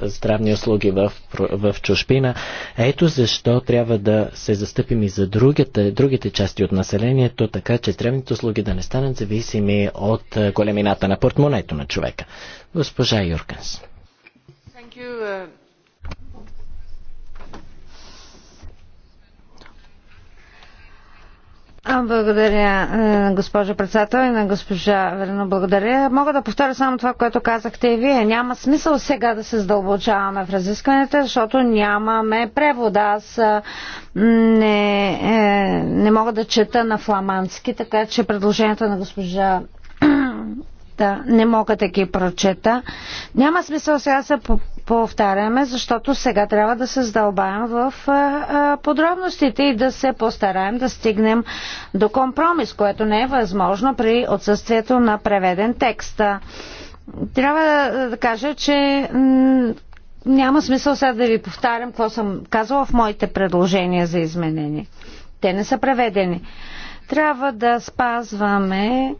здравни услуги в, в чужбина. Ето защо трябва да се застъпим и за другите, другите части от населението, така че здравните услуги да не станат зависими от големината на портмонето на човека. Госпожа Юркенс. Thank you, uh... Благодаря, е, госпожа председател и на госпожа Верено. Благодаря. Мога да повторя само това, което казахте и вие. Няма смисъл сега да се задълбочаваме в разискванията, защото нямаме превода. Аз е, не, е, не мога да чета на фламандски, така че предложението на госпожа текста не мога да ги прочета. Няма смисъл сега да се повтаряме, защото сега трябва да се задълбаем в подробностите и да се постараем да стигнем до компромис, което не е възможно при отсъствието на преведен текст. Трябва да кажа, че няма смисъл сега да ви повтарям какво съм казала в моите предложения за изменение. Те не са преведени. Трябва да спазваме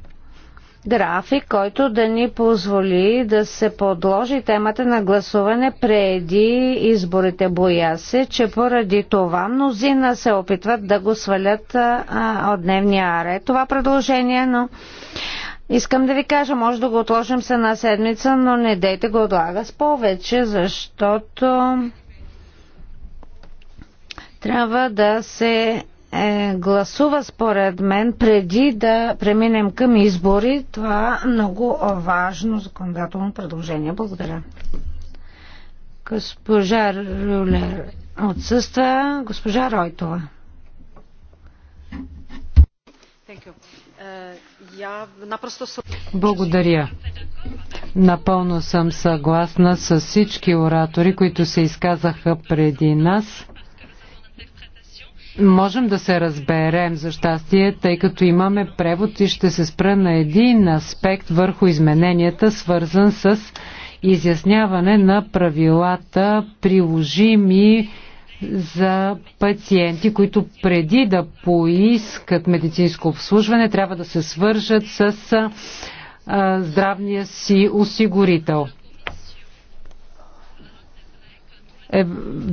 график, който да ни позволи да се подложи темата на гласуване преди изборите. Боя се, че поради това мнозина се опитват да го свалят а, от дневния ред. Това предложение, но искам да ви кажа, може да го отложим с една седмица, но не дейте го отлага с повече, защото трябва да се е, гласува според мен преди да преминем към избори това много важно законодателно предложение. Благодаря. Госпожа Рюлер отсъства. Госпожа Ройтова. Е, Благодаря. Напълно съм съгласна с всички оратори, които се изказаха преди нас можем да се разберем за щастие, тъй като имаме превод и ще се спра на един аспект върху измененията, свързан с изясняване на правилата, приложими за пациенти, които преди да поискат медицинско обслужване, трябва да се свържат с здравния си осигурител. Е,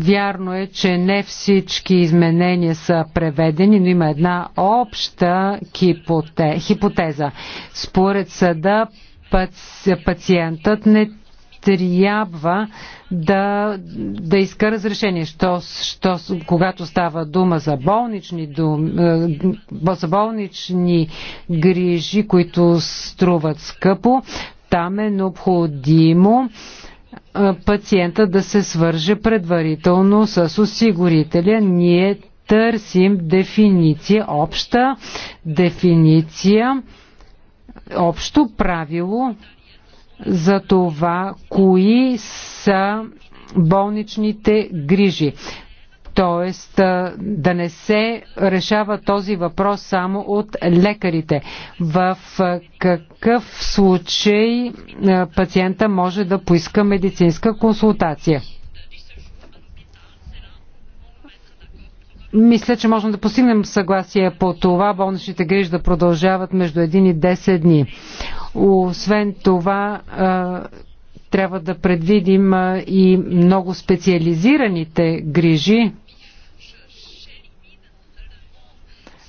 вярно е, че не всички изменения са преведени, но има една обща хипоте, хипотеза. Според съда паци, пациентът не трябва да, да иска разрешение. Що, що, когато става дума за болнични, дум, е, за болнични грижи, които струват скъпо, там е необходимо пациента да се свърже предварително с осигурителя. Ние търсим дефиниция, обща дефиниция, общо правило за това, кои са болничните грижи. Тоест да не се решава този въпрос само от лекарите. В какъв случай пациента може да поиска медицинска консултация? Мисля, че можем да постигнем съгласие по това болничните грижи да продължават между 1 и 10 дни. Освен това, трябва да предвидим и много специализираните грижи,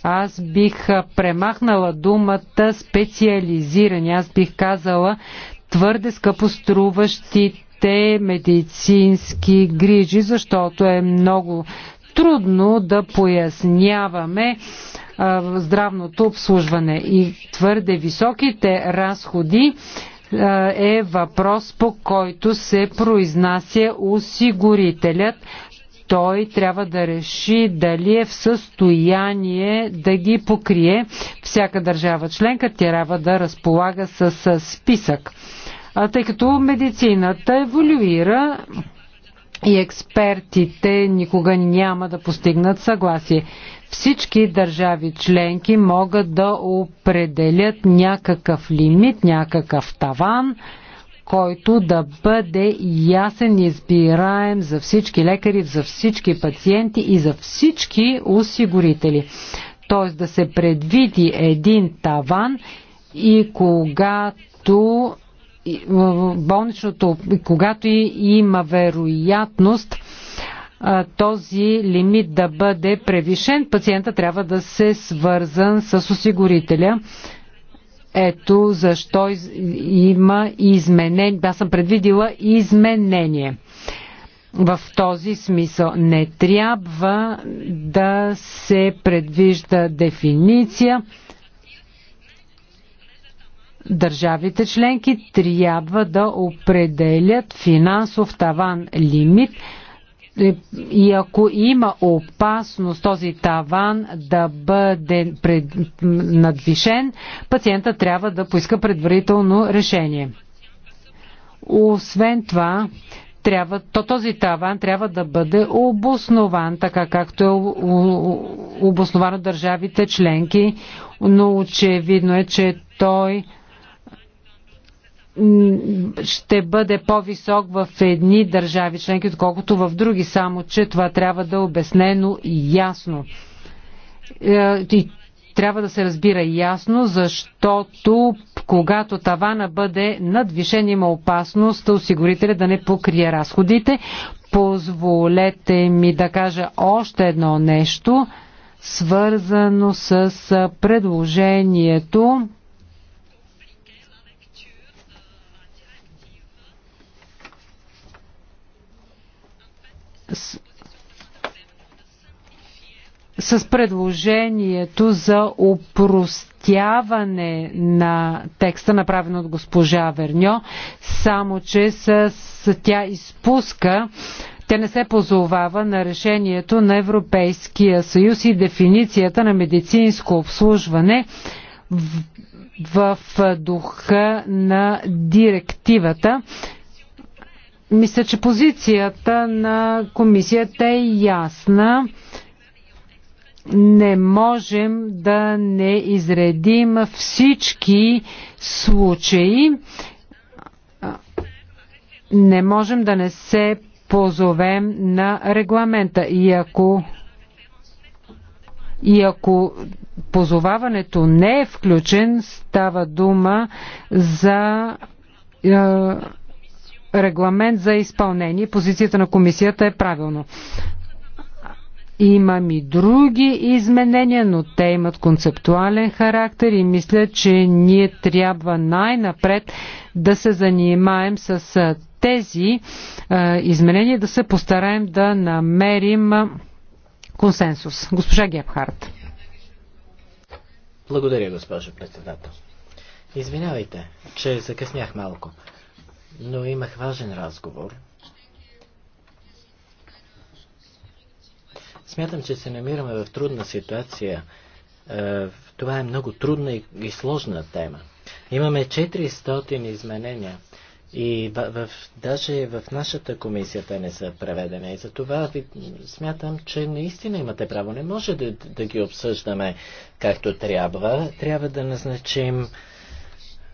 Аз бих премахнала думата специализирани. Аз бих казала твърде скъпоструващите медицински грижи, защото е много трудно да поясняваме а, здравното обслужване и твърде високите разходи а, е въпрос, по който се произнася осигурителят, той трябва да реши дали е в състояние да ги покрие. Всяка държава членка трябва да разполага с списък. А, тъй като медицината еволюира и експертите никога няма да постигнат съгласие. Всички държави членки могат да определят някакъв лимит, някакъв таван който да бъде ясен и избираем за всички лекари, за всички пациенти и за всички осигурители. Т.е. да се предвиди един таван и когато болничното, когато има вероятност този лимит да бъде превишен, пациента трябва да се свързан с осигурителя. Ето защо има изменение. Аз съм предвидила изменение. В този смисъл не трябва да се предвижда дефиниция. Държавите членки трябва да определят финансов таван лимит, е, и ако има опасност този таван да бъде пред, надвишен, пациента трябва да поиска предварително решение. Освен това, трябва, то този таван трябва да бъде обоснован, така както е обоснован от държавите членки, но очевидно е, че той ще бъде по-висок в едни държави членки, отколкото в други, само че това трябва да е обяснено и ясно. Е, и трябва да се разбира ясно, защото когато тавана бъде надвишен, има опасност осигурителя да не покрие разходите. Позволете ми да кажа още едно нещо, свързано с предложението с предложението за упростяване на текста, направен от госпожа Верньо, само че с, тя изпуска тя не се позовава на решението на Европейския съюз и дефиницията на медицинско обслужване в, в духа на директивата. Мисля, че позицията на комисията е ясна не можем да не изредим всички случаи. Не можем да не се позовем на регламента. И ако, и ако позоваването не е включен, става дума за е, регламент за изпълнение. Позицията на комисията е правилно. Имам и други изменения, но те имат концептуален характер и мисля, че ние трябва най-напред да се занимаем с тези а, изменения, да се постараем да намерим консенсус. Госпожа Гебхарт. Благодаря, госпожо председател. Извинявайте, че закъснях малко, но имах важен разговор Смятам, че се намираме в трудна ситуация. Е, това е много трудна и сложна тема. Имаме 400 изменения. И в, в, даже в нашата комисия те не са преведени. И за това ви, смятам, че наистина имате право. Не може да, да ги обсъждаме както трябва. Трябва да назначим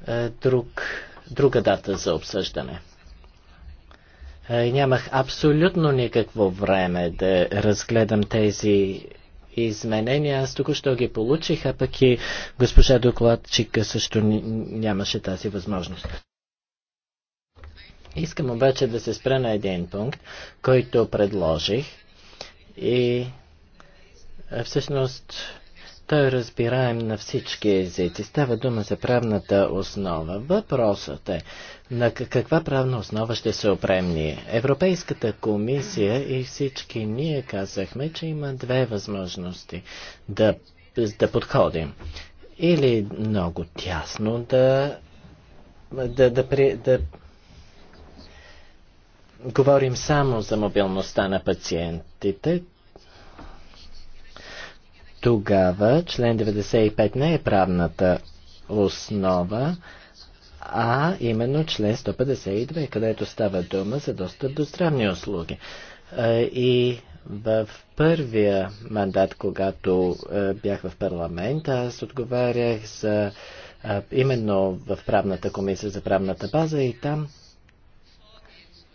е, друг, друга дата за обсъждане. Е, нямах абсолютно никакво време да разгледам тези изменения. Аз току-що ги получих, а пък и госпожа докладчика също нямаше тази възможност. Искам обаче да се спра на един пункт, който предложих и е, всъщност той разбираем на всички езици. Става дума за правната основа. Въпросът е, на каква правна основа ще се опрем ние? Европейската комисия и всички ние казахме, че има две възможности да, да подходим. Или много тясно да, да, да, при, да говорим само за мобилността на пациентите, тогава член 95 не е правната основа, а именно член 152, където става дума за достъп до здравни услуги. И в първия мандат, когато бях в парламента, аз отговарях за именно в правната комисия за правната база и там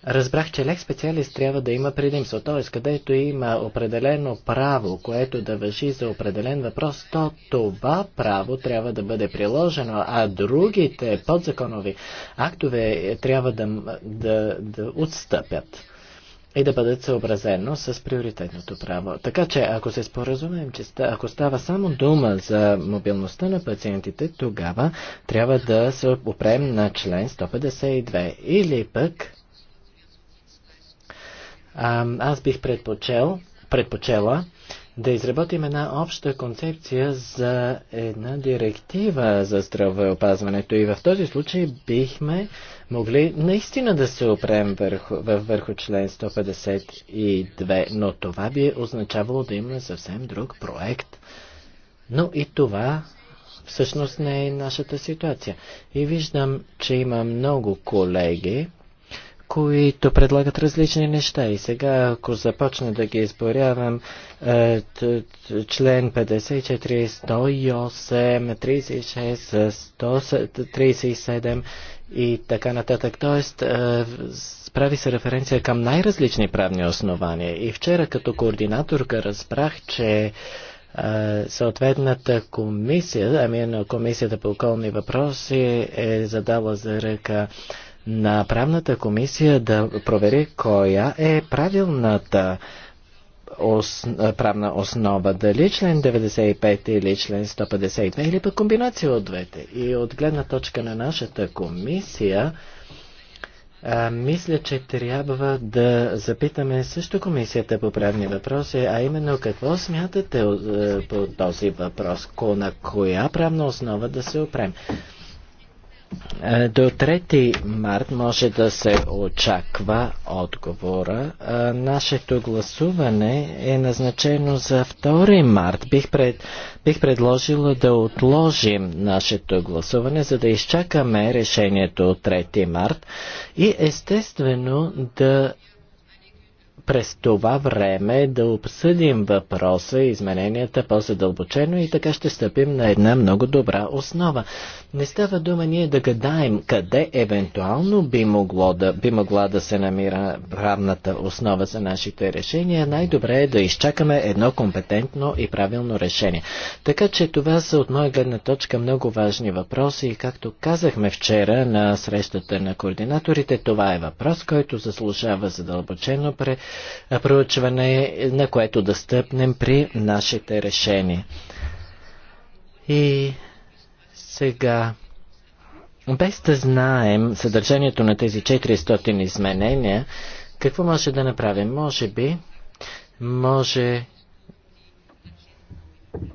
Разбрах, че лек специалист трябва да има предимство, т.е. където има определено право, което да въжи за определен въпрос, то това право трябва да бъде приложено, а другите подзаконови актове трябва да, да, да отстъпят и да бъдат съобразено с приоритетното право. Така че, ако се споразумеем, че ако става само дума за мобилността на пациентите, тогава трябва да се опрем на член 152 или пък аз бих предпочел, предпочела да изработим една обща концепция за една директива за здравеопазването и в този случай бихме могли наистина да се опрем върху, върху член 152, но това би означавало да имаме съвсем друг проект. Но и това всъщност не е нашата ситуация. И виждам, че има много колеги, които предлагат различни неща. И сега, ако започна да ги изборявам, е, член 54, 108, 36, 137 и така нататък. Тоест, е, прави се референция към най-различни правни основания. И вчера като координаторка разбрах, че е, съответната комисия, ами на комисията по околни въпроси е задала за ръка на правната комисия да провери коя е правилната ос, правна основа. Дали член 95 или член 152 или по комбинация от двете. И от гледна точка на нашата комисия, а, мисля, че трябва да запитаме също комисията по правни въпроси, а именно какво смятате по този въпрос, на коя правна основа да се опрем. Е, до 3 март може да се очаква отговора. Е, нашето гласуване е назначено за 2 март. Бих, пред, бих предложила да отложим нашето гласуване, за да изчакаме решението от 3 март и естествено да през това време да обсъдим въпроса и измененията по-задълбочено и така ще стъпим на една много добра основа. Не става дума ние да гадаем къде евентуално би, могло да, би могла да се намира правната основа за нашите решения. Най-добре е да изчакаме едно компетентно и правилно решение. Така че това са от моя гледна точка много важни въпроси и както казахме вчера на срещата на координаторите, това е въпрос, който заслужава задълбочено пре е, проучване, на което да стъпнем при нашите решения. И сега, без да знаем съдържанието на тези 400 изменения, какво може да направим? Може би, може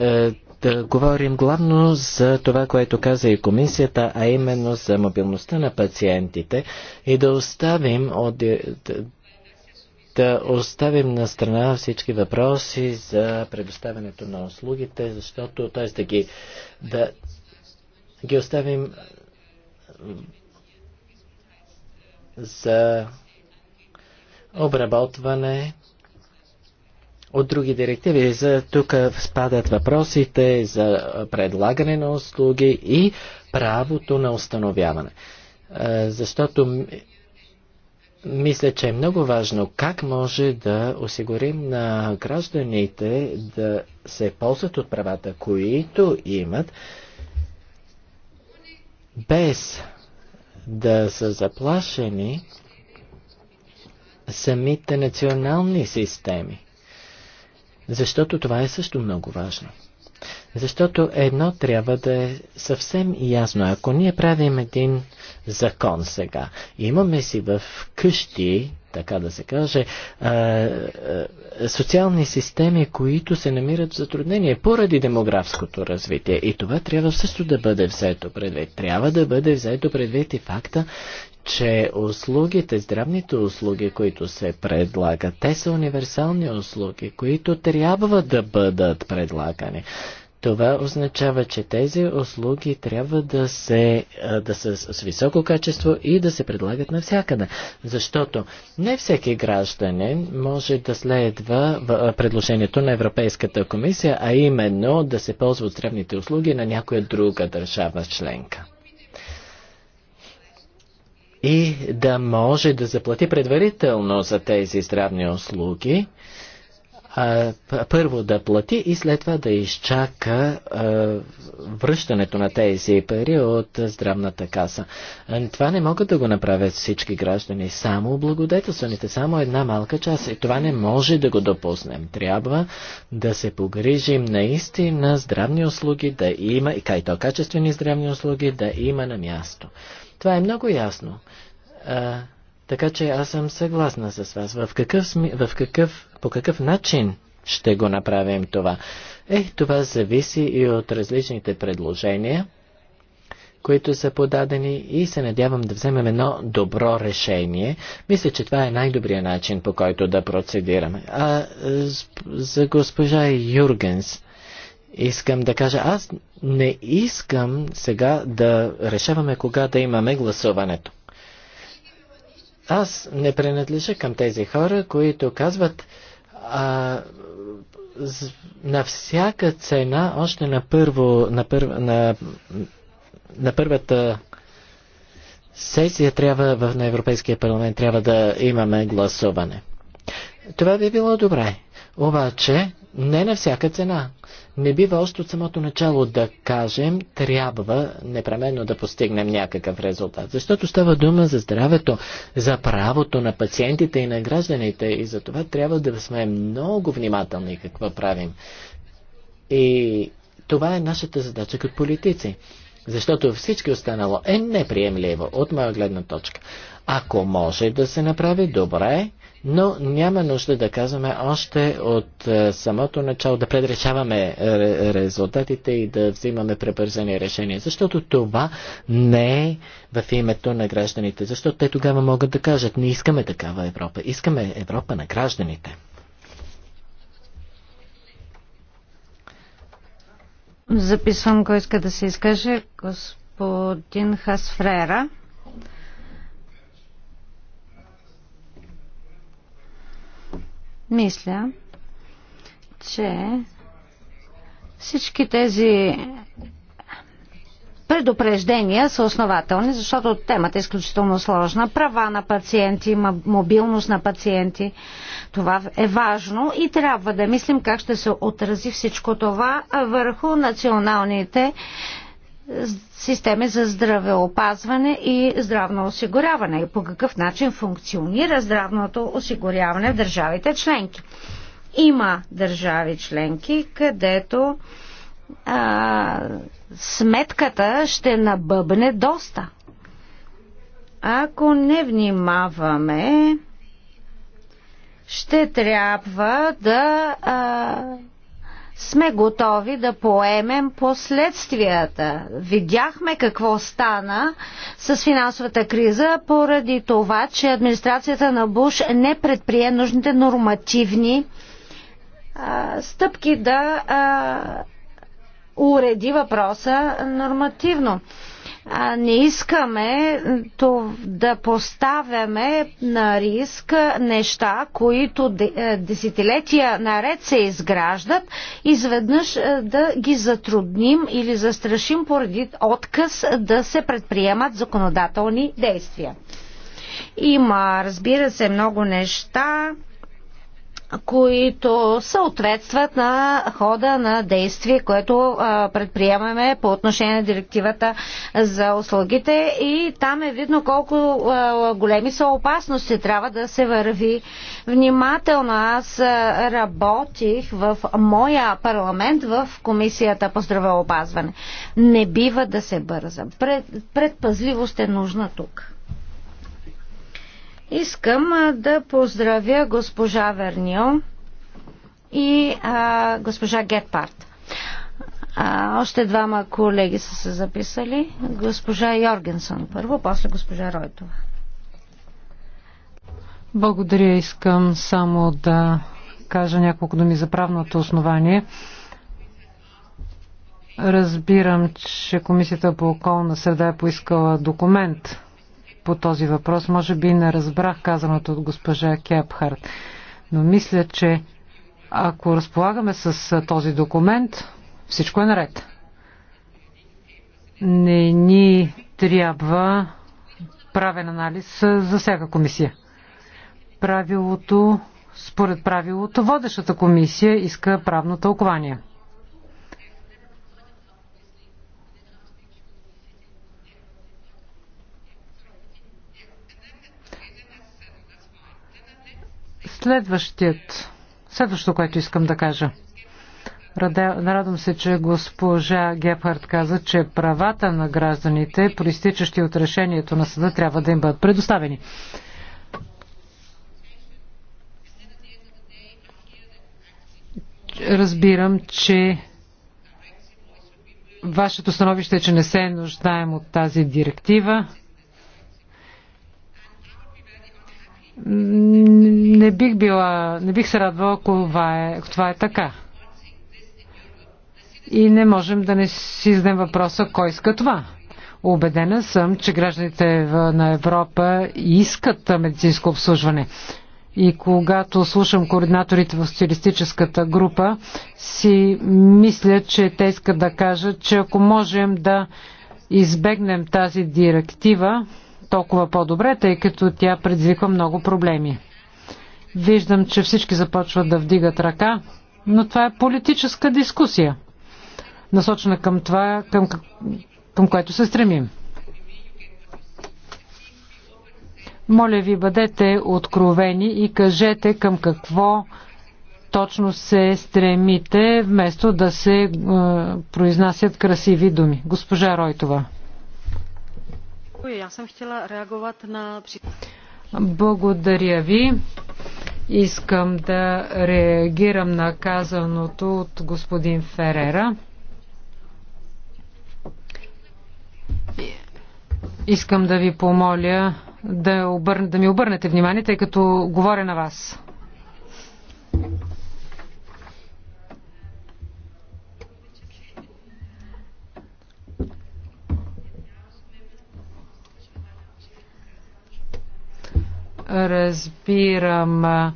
е, да говорим главно за това, което каза и комисията, а именно за мобилността на пациентите и да оставим от, да оставим на страна всички въпроси за предоставянето на услугите, защото, т.е. да ги, да ги оставим за обработване от други директиви. За тук спадат въпросите за предлагане на услуги и правото на установяване. Е, защото мисля, че е много важно как може да осигурим на гражданите да се ползват от правата, които имат, без да са заплашени самите национални системи. Защото това е също много важно. Защото едно трябва да е съвсем ясно. Ако ние правим един закон сега, имаме си в къщи така да се каже, е, е, социални системи, които се намират в затруднение поради демографското развитие. И това трябва също да бъде взето предвид. Трябва да бъде взето предвид и факта, че услугите, здравните услуги, които се предлагат, те са универсални услуги, които трябва да бъдат предлагани. Това означава, че тези услуги трябва да, се, да са с високо качество и да се предлагат навсякъде. Защото не всеки гражданин може да следва предложението на Европейската комисия, а именно да се ползва от здравните услуги на някоя друга държава членка. И да може да заплати предварително за тези здравни услуги, първо да плати и след това да изчака а, връщането на тези пари от здравната каса. Това не могат да го направят всички граждани, само благодетелствените, само една малка част. И това не може да го допуснем. Трябва да се погрижим наистина здравни услуги да има, и кайто качествени здравни услуги да има на място. Това е много ясно. А, така че аз съм съгласна с вас. В какъв, сми... в какъв по какъв начин ще го направим това? Е, това зависи и от различните предложения, които са подадени и се надявам да вземем едно добро решение. Мисля, че това е най-добрият начин, по който да процедираме. А за госпожа Юргенс искам да кажа, аз не искам сега да решаваме кога да имаме гласуването. Аз не принадлежа към тези хора, които казват, а, на всяка цена, още на първо, на, пър, на, на първата сесия трябва в, на Европейския парламент трябва да имаме гласуване. Това би било добре. Обаче, не на всяка цена. Не бива още от самото начало да кажем, трябва непременно да постигнем някакъв резултат. Защото става дума за здравето, за правото на пациентите и на гражданите и за това трябва да сме много внимателни какво правим. И това е нашата задача като политици. Защото всички останало е неприемливо от моя гледна точка. Ако може да се направи, добре, но няма нужда да казваме още от е, самото начало да предрешаваме е, резултатите и да взимаме пребързани решения, защото това не е в името на гражданите, защото те тогава могат да кажат, не искаме такава Европа, искаме Европа на гражданите. Записвам кой иска да се изкаже. Господин Хасфрера. Мисля, че всички тези предупреждения са основателни, защото темата е изключително сложна. Права на пациенти, мобилност на пациенти. Това е важно и трябва да мислим как ще се отрази всичко това върху националните системи за здравеопазване и здравно осигуряване и по какъв начин функционира здравното осигуряване в държавите членки. Има държави членки, където а, сметката ще набъбне доста. Ако не внимаваме, ще трябва да а, сме готови да поемем последствията. Видяхме какво стана с финансовата криза поради това, че администрацията на Буш не предприе нужните нормативни а, стъпки да а, уреди въпроса нормативно не искаме да поставяме на риск неща, които е, десетилетия наред се изграждат, изведнъж е, да ги затрудним или застрашим поради отказ да се предприемат законодателни действия. Има, разбира се, много неща, които съответстват на хода на действие, което предприемаме по отношение на директивата за услугите и там е видно колко големи са опасности. Трябва да се върви внимателно. Аз работих в моя парламент в Комисията по здравеопазване. Не бива да се бърза. Пред, предпазливост е нужна тук. Искам да поздравя госпожа Вернио и а, госпожа Гетпарт. А, още двама колеги са се записали. Госпожа Йоргенсън първо, после госпожа Ройтова. Благодаря. Искам само да кажа няколко думи за правното основание. Разбирам, че Комисията по околна среда е поискала документ по този въпрос. Може би не разбрах казаното от госпожа Кепхарт, но мисля, че ако разполагаме с този документ, всичко е наред. Не ни трябва правен анализ за всяка комисия. Правилото, според правилото, водещата комисия иска правно тълкование. Следващият, следващото, което искам да кажа. Радвам се, че госпожа Гепхард каза, че правата на гражданите, проистичащи от решението на съда, трябва да им бъдат предоставени. Разбирам, че вашето становище е, че не се нуждаем от тази директива. Не бих, била, не бих се радвала, ако това е, ако това е така. И не можем да не си зададем въпроса кой иска това. Обедена съм, че гражданите на Европа искат медицинско обслужване. И когато слушам координаторите в социалистическата група, си мисля, че те искат да кажат, че ако можем да избегнем тази директива, толкова по-добре, тъй като тя предизвиква много проблеми. Виждам, че всички започват да вдигат ръка, но това е политическа дискусия, насочена към това, към, към което се стремим. Моля ви, бъдете откровени и кажете към какво точно се стремите, вместо да се е, произнасят красиви думи. Госпожа Ройтова. Благодаря ви. Искам да реагирам на казаното от господин Ферера. Искам да ви помоля да, обърн, да ми обърнете внимание, тъй като говоря на вас. Разбирам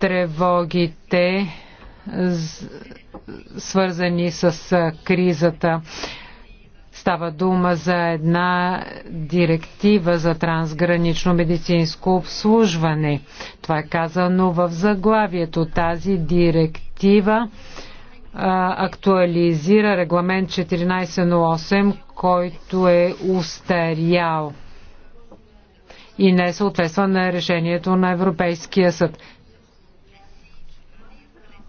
тревогите, свързани с кризата. Става дума за една директива за трансгранично медицинско обслужване. Това е казано в заглавието. Тази директива актуализира регламент 1408, който е устарял и не съответства на решението на Европейския съд.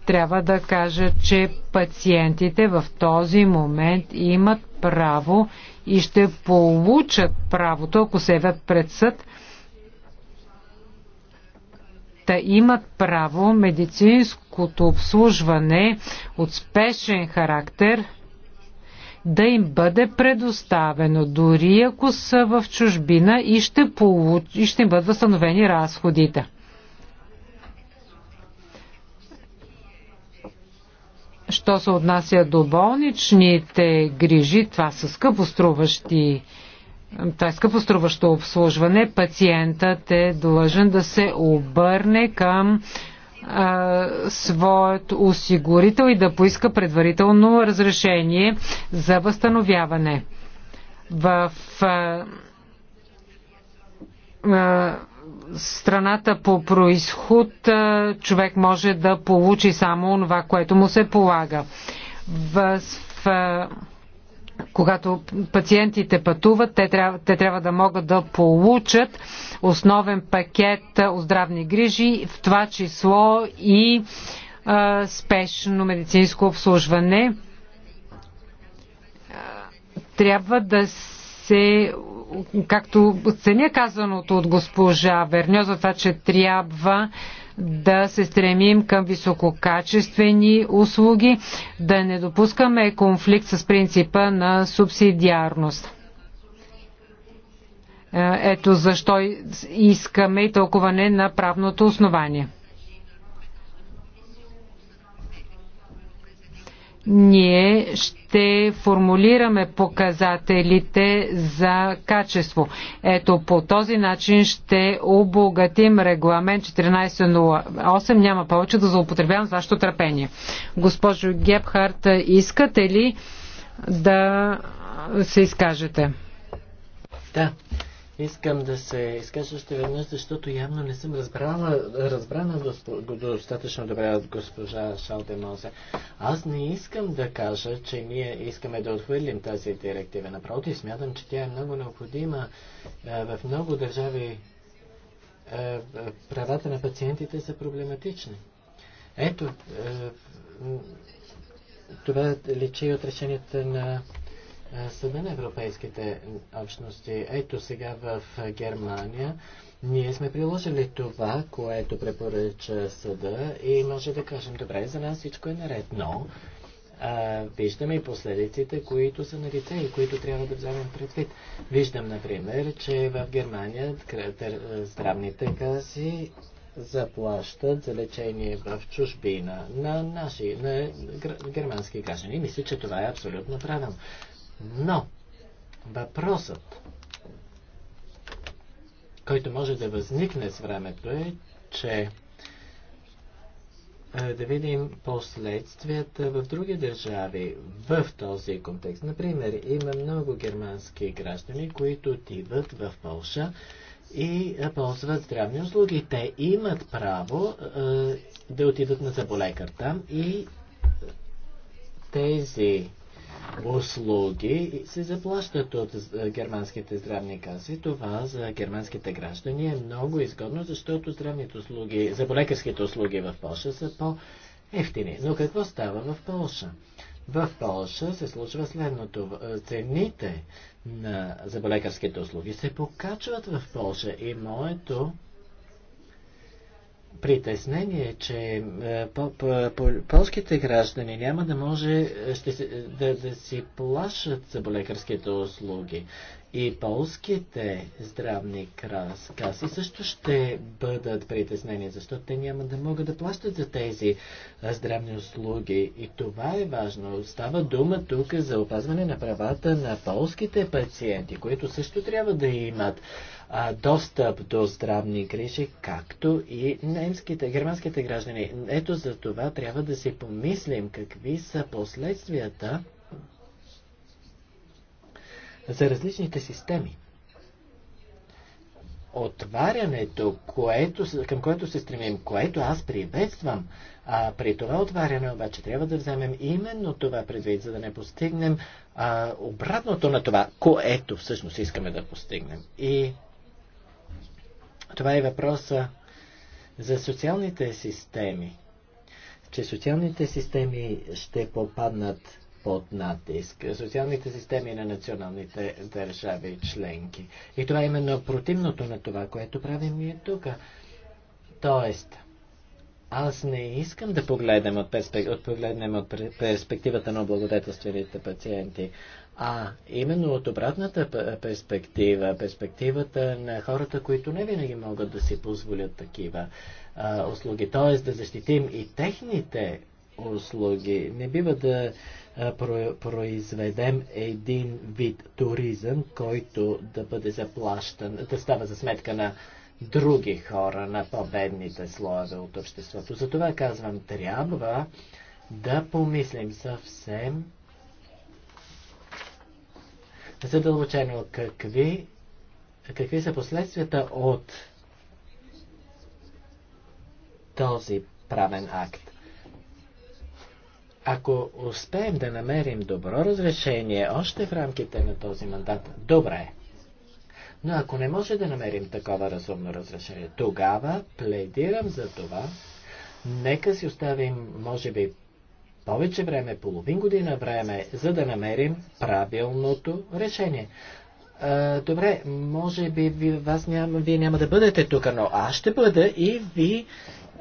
Трябва да кажа, че пациентите в този момент имат право и ще получат правото, ако се явят пред съд, Да имат право медицинското обслужване от спешен характер – да им бъде предоставено, дори ако са в чужбина и ще, получ... и ще им бъдат възстановени разходите. Що се отнася до болничните грижи, това са скъпоструващи това е скъпоструващо обслужване. Пациентът е длъжен да се обърне към а, своят осигурител и да поиска предварително разрешение за възстановяване. В а, а, страната по происход а, човек може да получи само това, което му се полага. В, в а, когато пациентите пътуват, те трябва, те трябва да могат да получат основен пакет от здравни грижи, в това число и а, спешно медицинско обслужване. Трябва да се, както ценя казаното от госпожа Верньо, за това, че трябва да се стремим към висококачествени услуги, да не допускаме конфликт с принципа на субсидиарност. Е, ето защо искаме и тълкуване на правното основание. ние ще формулираме показателите за качество. Ето по този начин ще обогатим регламент 1408. Няма повече да злоупотребявам с вашето търпение. Госпожо Гепхарт, искате ли да се изкажете? Да. Искам да се изкажа още веднъж, защото явно не съм разбрала, разбрана достатъчно добре от госпожа Шалдемозе. Аз не искам да кажа, че ние искаме да отхвърлим тази директива. Напротив, смятам, че тя е много необходима. Е, в много държави е, правата на пациентите са проблематични. Ето, е, това лечи от решенията на е, съда на европейските общности. Ето сега в Германия ние сме приложили това, което препоръча съда и може да кажем, добре, за нас всичко е наред, но а, виждаме и последиците, които са на лице и които трябва да вземем предвид. Виждам, например, че в Германия здравните каси заплащат за лечение в чужбина на наши, на германски граждани. Мисля, че това е абсолютно правилно. Но въпросът, който може да възникне с времето е, че е, да видим последствията в други държави в този контекст. Например, има много германски граждани, които отиват в Польша и е, ползват здравни услуги. Те имат право е, да отидат на заболекар там и тези услуги се заплащат от е, германските здравни каси. Това за германските граждани е много изгодно, защото здравните услуги, заболекарските услуги в Польша са по-ефтини. Но какво става в Польша? В Польша се случва следното. Е, цените на заболекарските услуги се покачват в Польша и моето притеснение, е, че е, полските граждани няма да може е, ще, да, да си плашат за болекарските услуги. И полските здравни каси също ще бъдат притеснени, защото те няма да могат да плащат за тези здравни услуги. И това е важно. Става дума тук за опазване на правата на полските пациенти, които също трябва да имат а, достъп до здравни грижи, както и немските, германските граждани. Ето за това трябва да си помислим какви са последствията за различните системи. Отварянето, което, към което се стремим, което аз приветствам, а при това отваряне обаче трябва да вземем именно това предвид, за да не постигнем а, обратното на това, което всъщност искаме да постигнем. И това е въпроса за социалните системи. Че социалните системи ще попаднат под натиск. Социалните системи на националните държави и членки. И това е именно противното на това, което правим ние тук. Тоест, аз не искам да погледнем от, перспек... от, погледнем от перспективата на благодетелствените пациенти. А именно от обратната перспектива, перспективата на хората, които не винаги могат да си позволят такива а, услуги, т.е. да защитим и техните услуги. Не бива да про произведем един вид туризъм, който да бъде заплащан, да става за сметка на други хора, на победните слоеве от обществото. Затова казвам, трябва да помислим съвсем задълбочено какви, какви са последствията от този правен акт. Ако успеем да намерим добро разрешение още в рамките на този мандат, добре. Но ако не може да намерим такова разумно разрешение, тогава пледирам за това, нека си оставим, може би, повече време, половин година време, за да намерим правилното решение. А, добре, може би ви, вас няма, вие няма да бъдете тук, но аз ще бъда и ви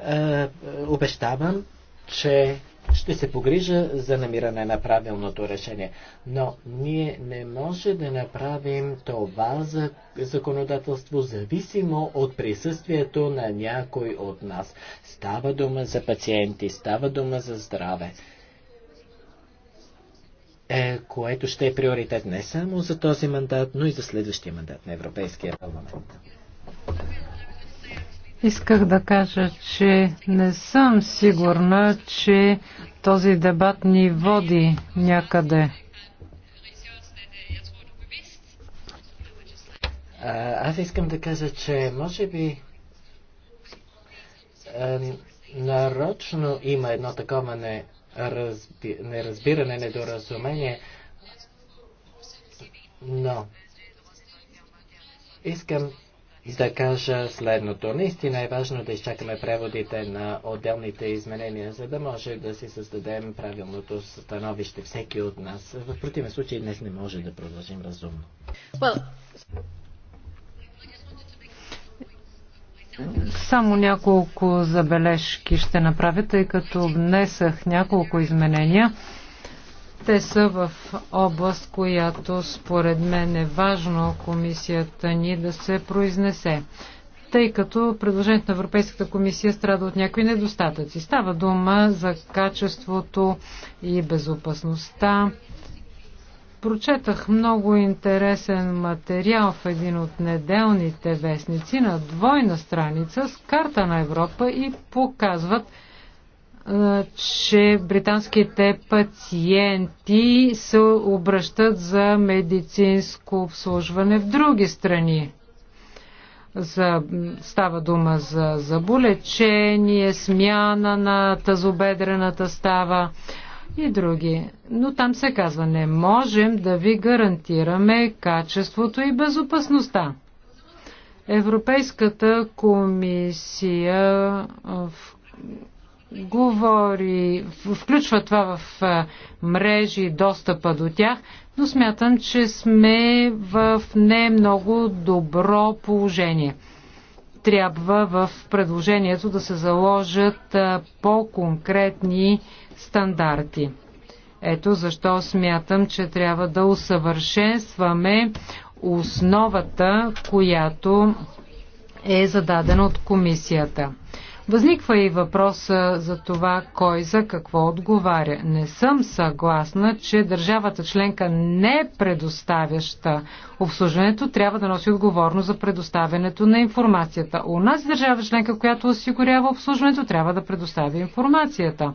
а, обещавам, че ще се погрижа за намиране на правилното решение. Но ние не може да направим това за законодателство зависимо от присъствието на някой от нас. Става дума за пациенти, става дума за здраве е, което ще е приоритет не само за този мандат, но и за следващия мандат на Европейския парламент. Исках да кажа, че не съм сигурна, че този дебат ни води някъде. аз искам да кажа, че може би нарочно има едно такова не разби... неразбиране, недоразумение. Но искам да кажа следното. Наистина е важно да изчакаме преводите на отделните изменения, за да може да си създадем правилното становище всеки от нас. В противен случай днес не може да продължим разумно. Well... Само няколко забележки ще направя, тъй като внесах няколко изменения. Те са в област, която според мен е важно комисията ни да се произнесе, тъй като предложението на Европейската комисия страда от някои недостатъци. Става дума за качеството и безопасността Прочетах много интересен материал в един от неделните вестници на двойна страница с карта на Европа и показват, че британските пациенти се обръщат за медицинско обслужване в други страни. За, става дума за заболечение, смяна на тазобедрената става, и други. Но там се казва, не можем да ви гарантираме качеството и безопасността. Европейската комисия в... говори, включва това в мрежи и достъпа до тях, но смятам, че сме в не много добро положение трябва в предложението да се заложат по-конкретни стандарти. Ето защо смятам, че трябва да усъвършенстваме основата, която е зададена от комисията. Възниква и въпрос за това кой за какво отговаря. Не съм съгласна, че държавата членка не е предоставяща обслужването трябва да носи отговорност за предоставянето на информацията. У нас държава членка, която осигурява обслужването, трябва да предостави информацията.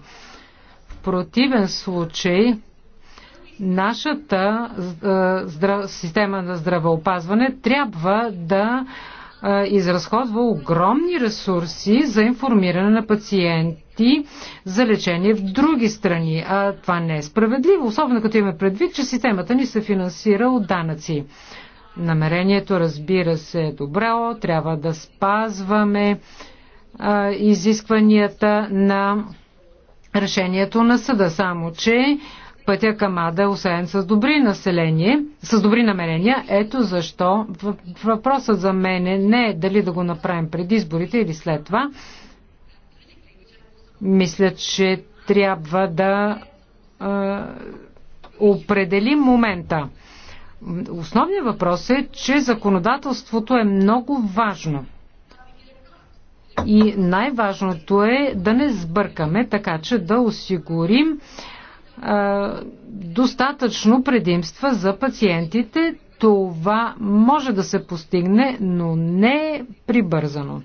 В противен случай нашата система на здравеопазване трябва да изразходва огромни ресурси за информиране на пациенти за лечение в други страни. А това не е справедливо, особено като имаме предвид, че системата ни се финансира от данъци. Намерението, разбира се, е добро, трябва да спазваме а, изискванията на решението на съда, само че пътя към Ада е осеян с добри население, с добри намерения. Ето защо въпросът за мене не е дали да го направим преди изборите или след това. Мисля, че трябва да е, определим момента. Основният въпрос е, че законодателството е много важно. И най-важното е да не сбъркаме, така че да осигурим достатъчно предимства за пациентите. Това може да се постигне, но не прибързано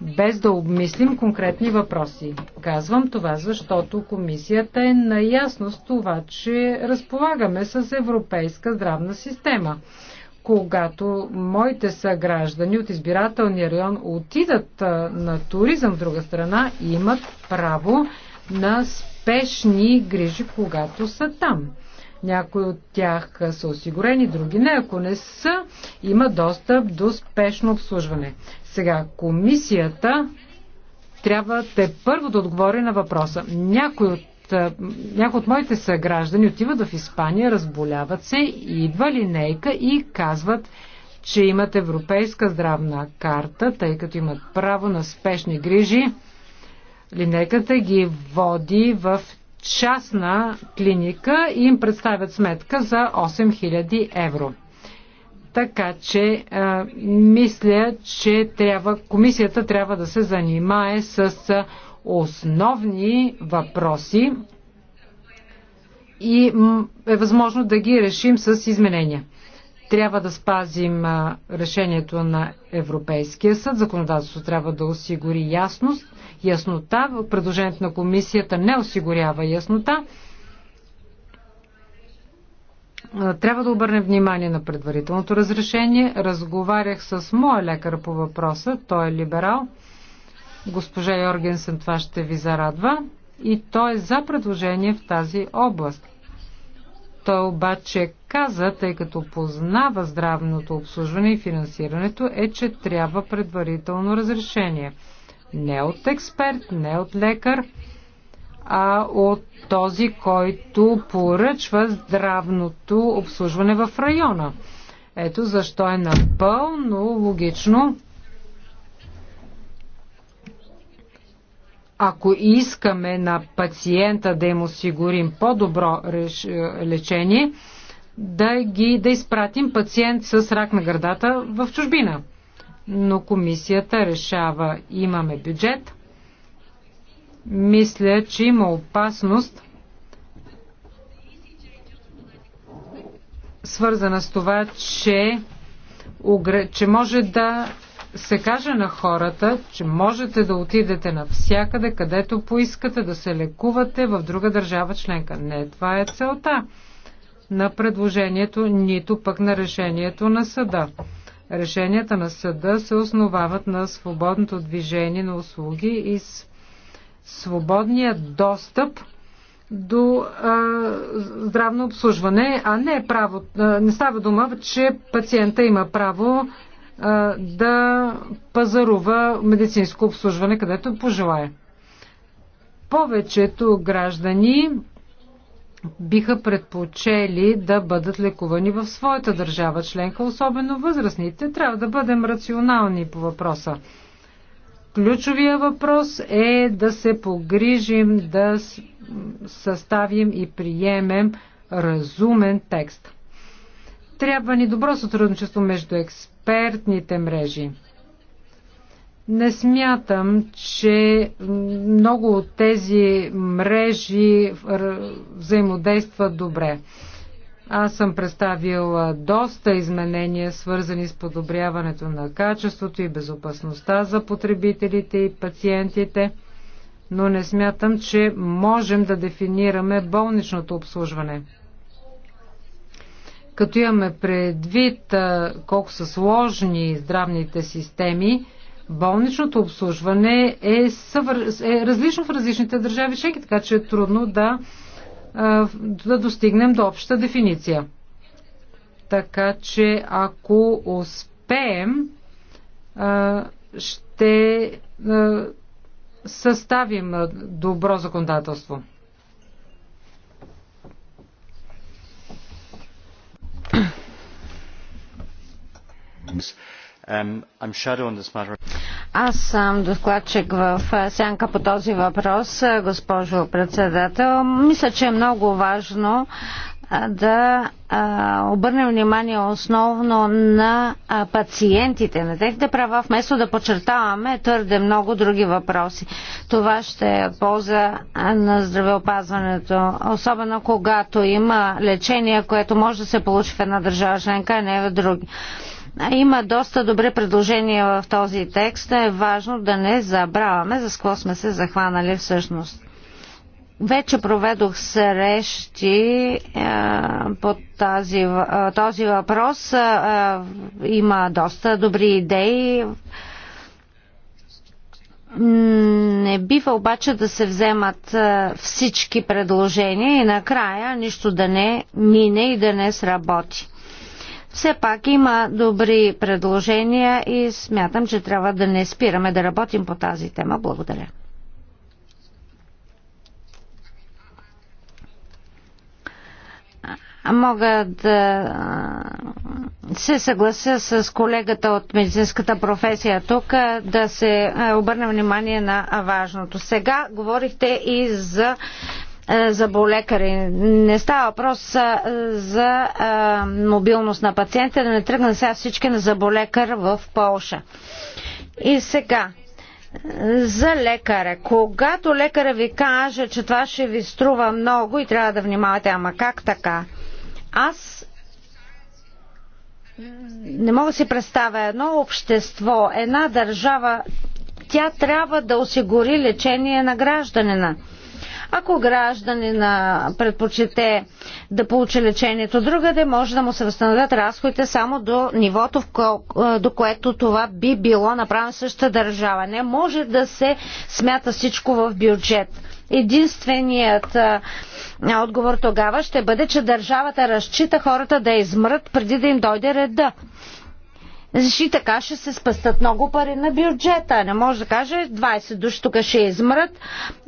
без да обмислим конкретни въпроси. Казвам това, защото комисията е наясно с това, че разполагаме с европейска здравна система. Когато моите съграждани от избирателния район отидат на туризъм в друга страна, имат право на спешни грижи, когато са там. Някои от тях са осигурени, други не. Ако не са, има достъп до спешно обслужване. Сега, комисията трябва те първо да отговори на въпроса. Някои от някои от моите съграждани отиват в Испания, разболяват се, идва линейка и казват, че имат европейска здравна карта, тъй като имат право на спешни грижи линейката ги води в частна клиника и им представят сметка за 8000 евро. Така че а, мисля, че трябва, комисията трябва да се занимае с основни въпроси и е възможно да ги решим с изменения. Трябва да спазим решението на Европейския съд. Законодателството трябва да осигури ясност, яснота. Предложението на комисията не осигурява яснота. Трябва да обърнем внимание на предварителното разрешение. Разговарях с моя лекар по въпроса. Той е либерал. Госпожа Йоргенсен това ще ви зарадва. И той е за предложение в тази област. Той обаче каза, тъй като познава здравното обслужване и финансирането, е, че трябва предварително разрешение. Не от експерт, не от лекар, а от този, който поръчва здравното обслужване в района. Ето защо е напълно логично Ако искаме на пациента да им осигурим по-добро е, лечение, да, ги, да изпратим пациент с рак на гърдата в чужбина. Но комисията решава, имаме бюджет. Мисля, че има опасност свързана с това, че, че може да се каже на хората, че можете да отидете навсякъде, където поискате да се лекувате в друга държава членка. Не, това е целта на предложението, нито пък на решението на съда. Решенията на съда се основават на свободното движение на услуги и свободния достъп до а, здравно обслужване, а не право. А, не става дума, че пациента има право да пазарува медицинско обслужване, където пожелая. Повечето граждани биха предпочели да бъдат лекувани в своята държава членка, особено възрастните. Трябва да бъдем рационални по въпроса. Ключовия въпрос е да се погрижим, да съставим и приемем разумен текст. Трябва ни добро сътрудничество между експерти експертните мрежи. Не смятам, че много от тези мрежи взаимодействат добре. Аз съм представил доста изменения, свързани с подобряването на качеството и безопасността за потребителите и пациентите, но не смятам, че можем да дефинираме болничното обслужване. Като имаме предвид колко са сложни здравните системи, болничното обслужване е, съвър... е различно в различните държави шеки, така че е трудно да, да достигнем до обща дефиниция. Така че ако успеем, ще съставим добро законодателство. Um, Аз съм докладчик в сянка по този въпрос, госпожо председател. Мисля, че е много важно да обърнем внимание основно на пациентите, на техните права, вместо да подчертаваме твърде много други въпроси. Това ще е полза на здравеопазването, особено когато има лечение, което може да се получи в една държава членка, а не в други. Има доста добри предложения в този текст. Е важно да не забравяме за какво сме се захванали всъщност. Вече проведох срещи е, по тази, е, този въпрос. Е, има доста добри идеи. Не бива обаче да се вземат всички предложения и накрая нищо да не мине и да не сработи. Все пак има добри предложения и смятам, че трябва да не спираме да работим по тази тема. Благодаря. мога да се съглася с колегата от медицинската професия тук да се обърне внимание на важното. Сега говорихте и за е, заболекари. Не става въпрос е, за е, мобилност на пациента, да не тръгна сега всички на заболекар в Полша. И сега, за лекаря. Когато лекаря ви каже, че това ще ви струва много и трябва да внимавате, ама как така? Аз не мога да си представя едно общество, една държава, тя трябва да осигури лечение на гражданина. Ако на предпочете да получи лечението другаде, може да му се възстановят разходите само до нивото, е, до което това би било направено същата държава. Не може да се смята всичко в бюджет. Единственият е, отговор тогава ще бъде, че държавата разчита хората да измрат преди да им дойде реда. Защи така ще се спастат много пари на бюджета. Не може да каже 20 души тук ще измрат.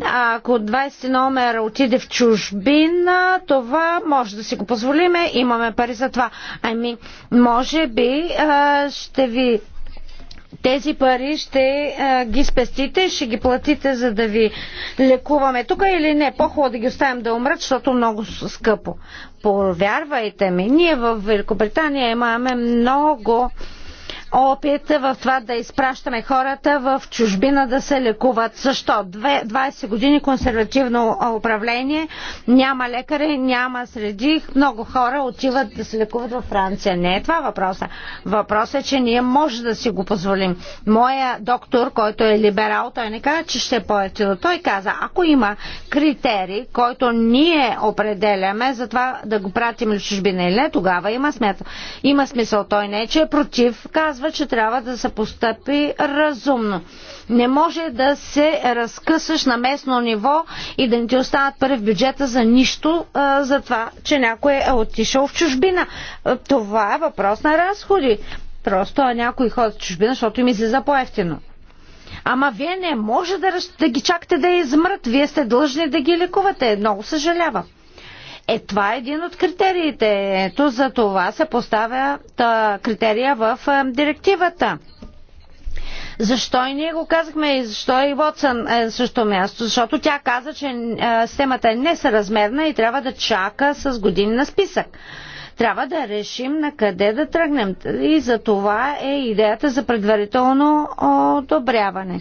А ако 20 номера отиде в чужбина, това може да си го позволиме. Имаме пари за това. Ами, може би а, ще ви тези пари ще а, ги спестите, ще ги платите, за да ви лекуваме тук или не. По-хубаво да ги оставим да умрат, защото много скъпо. Повярвайте ми, ние в Великобритания имаме много опит в това да изпращаме хората в чужбина да се лекуват. Защо? 20 години консервативно управление, няма лекари, няма среди, много хора отиват да се лекуват във Франция. Не е това въпроса. Въпросът е, че ние може да си го позволим. Моя доктор, който е либерал, той не каза, че ще е по-ефтино. Той каза, ако има критерий, който ние определяме за това да го пратим в чужбина или не, тогава има смисъл. Има смисъл. Той не е, че е против, каза казва, че трябва да се постъпи разумно. Не може да се разкъсаш на местно ниво и да не ти останат пари в бюджета за нищо, за това, че някой е отишъл в чужбина. Това е въпрос на разходи. Просто някой ходи в чужбина, защото им излиза по-ефтино. Ама вие не може да, да ги чакате да измрат. Вие сте длъжни да ги лекувате. Много съжалявам. Е, това е един от критериите. Ето за това се поставя та, критерия в е, директивата. Защо и ние го казахме и защо и Вотсън е на същото място? Защото тя каза, че е, системата е несъразмерна и трябва да чака с години на списък. Трябва да решим на къде да тръгнем. И за това е идеята за предварително одобряване.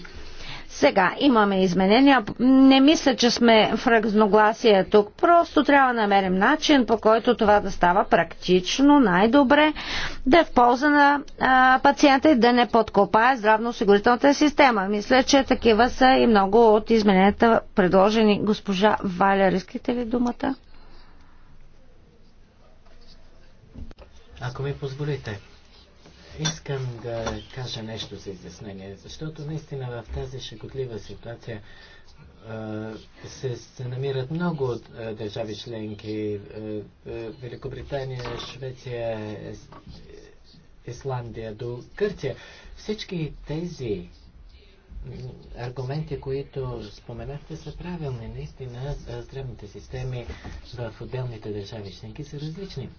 Сега имаме изменения. Не мисля, че сме в разногласие тук. Просто трябва да намерим начин, по който това да става практично, най-добре, да е в полза на а, пациента и да не подкопае здравноосигурителната система. Мисля, че такива са и много от измененията предложени. Госпожа Валя, искате ли думата? Ако ми позволите. Искам да кажа нещо за изяснение, защото наистина в тази шекотлива ситуация се, се намират много от държави членки. Великобритания, Швеция, Исландия до Кърция. Всички тези аргументи, които споменахте, са правилни. Наистина здравните системи в отделните държави членки са различни.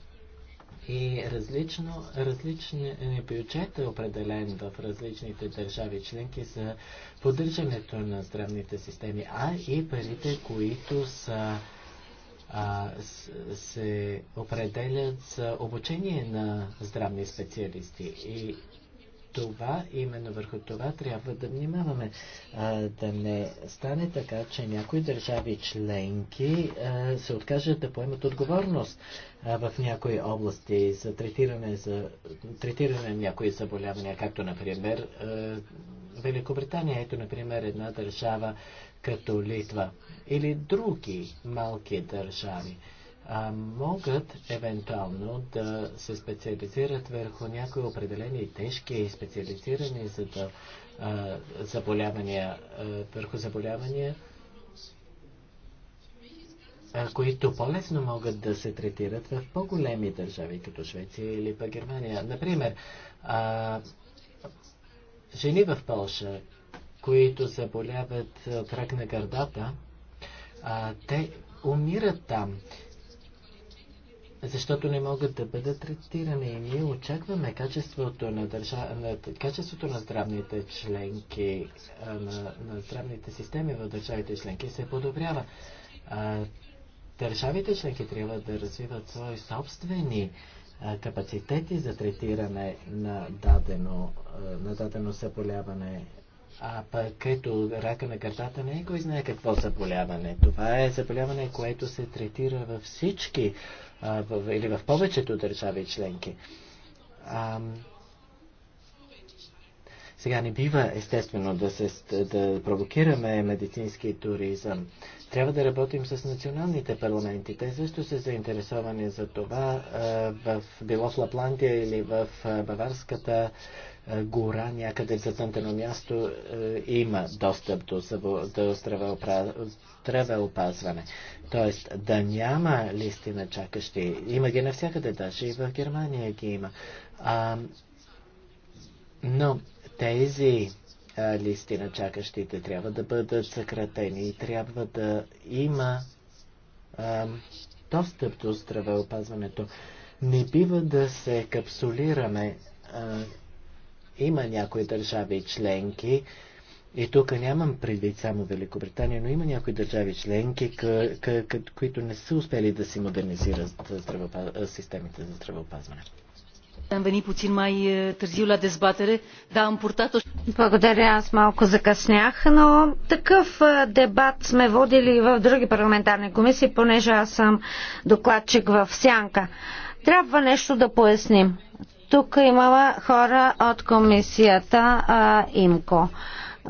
И различно, различен бюджет е определен в различните държави членки за поддържането на здравните системи, а и парите, които са а, се определят за обучение на здравни специалисти. И това, именно върху това трябва да внимаваме. А, да не стане така, че някои държави членки а, се откажат да поемат отговорност а, в някои области за третиране, за третиране на някои заболявания, както например а, Великобритания. Ето, например, една държава като Литва или други малки държави а, могат евентуално да се специализират върху някои определени тежки и специализирани за да, а, заболявания, а, върху заболявания, а, които по-лесно могат да се третират в по-големи държави, като Швеция или па Германия. Например, а, жени в Польша, които заболяват от рак на гърдата, а, те умират там защото не могат да бъдат третирани. И ние очакваме качеството на, държа... на... качеството на здравните членки, на... на здравните системи в държавите членки се подобрява. А, държавите членки трябва да развиват свои собствени а, капацитети за третиране на дадено, на дадено заболяване. А пък ето рака на гърдата не е кой знае какво заболяване. Това е заболяване, което се третира във всички или в повечето държави членки. А, сега не бива естествено да, се, да провокираме медицински туризъм. Трябва да работим с националните парламенти. Те също са заинтересовани за това а, в, било в Лапландия или в Баварската е, гора някъде в затънтено място е, има достъп до, до здравеопазване. Тоест да няма листи на чакащи. Има ги навсякъде, даже и в Германия ги има. А, но тези а, листи на чакащите трябва да бъдат съкратени и трябва да има а, достъп до здравеопазването. Не бива да се капсулираме. А, има някои държави членки, и тук нямам предвид само Великобритания, но има някои държави членки, които не са успели да си модернизират системите за здравеопазване. Е, Благодаря, аз малко закъснях, но такъв е, дебат сме водили в други парламентарни комисии, понеже аз съм докладчик в Сянка. Трябва нещо да поясним. Тук имаме хора от комисията а, ИМКО.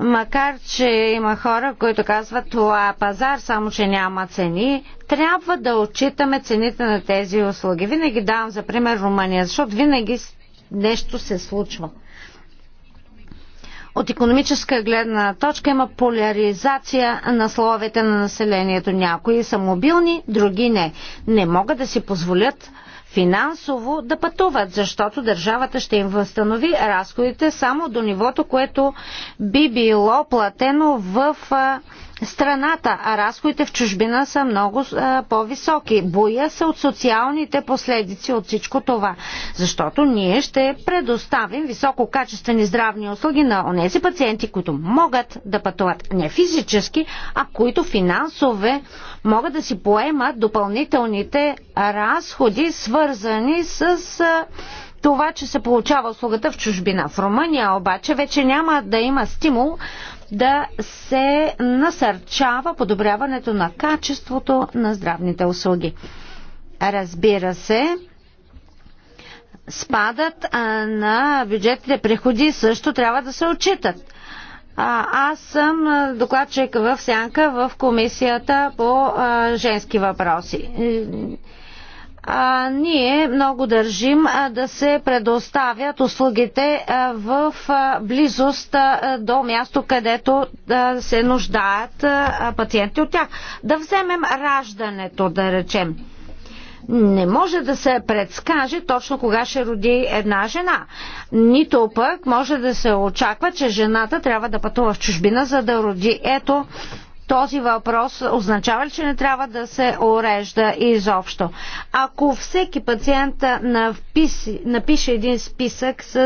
Макар, че има хора, които казват това е пазар, само че няма цени, трябва да отчитаме цените на тези услуги. Винаги давам за пример Румъния, защото винаги нещо се случва. От економическа гледна точка има поляризация на словете на населението. Някои са мобилни, други не. Не могат да си позволят финансово да пътуват, защото държавата ще им възстанови разходите само до нивото, което би било платено в страната, а разходите в чужбина са много по-високи. Боя се от социалните последици от всичко това, защото ние ще предоставим висококачествени здравни услуги на онези пациенти, които могат да пътуват не физически, а които финансове могат да си поемат допълнителните разходи, свързани с това, че се получава услугата в чужбина. В Румъния обаче вече няма да има стимул да се насърчава подобряването на качеството на здравните услуги. Разбира се, спадът на бюджетните приходи също трябва да се отчитат. Аз съм докладчик в Сянка в комисията по женски въпроси а, ние много държим а, да се предоставят услугите а, в а, близост а, до място, където а, се нуждаят а, пациенти от тях. Да вземем раждането, да речем не може да се предскаже точно кога ще роди една жена. Нито пък може да се очаква, че жената трябва да пътува в чужбина, за да роди. Ето този въпрос означава ли, че не трябва да се урежда изобщо? Ако всеки пациент напише един списък с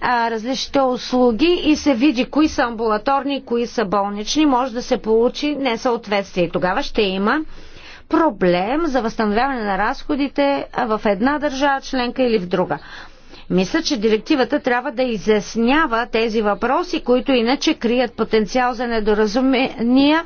а, различните услуги и се види кои са амбулаторни, кои са болнични, може да се получи несъответствие. И тогава ще има проблем за възстановяване на разходите в една държава членка или в друга. Мисля, че директивата трябва да изяснява тези въпроси, които иначе крият потенциал за недоразумения,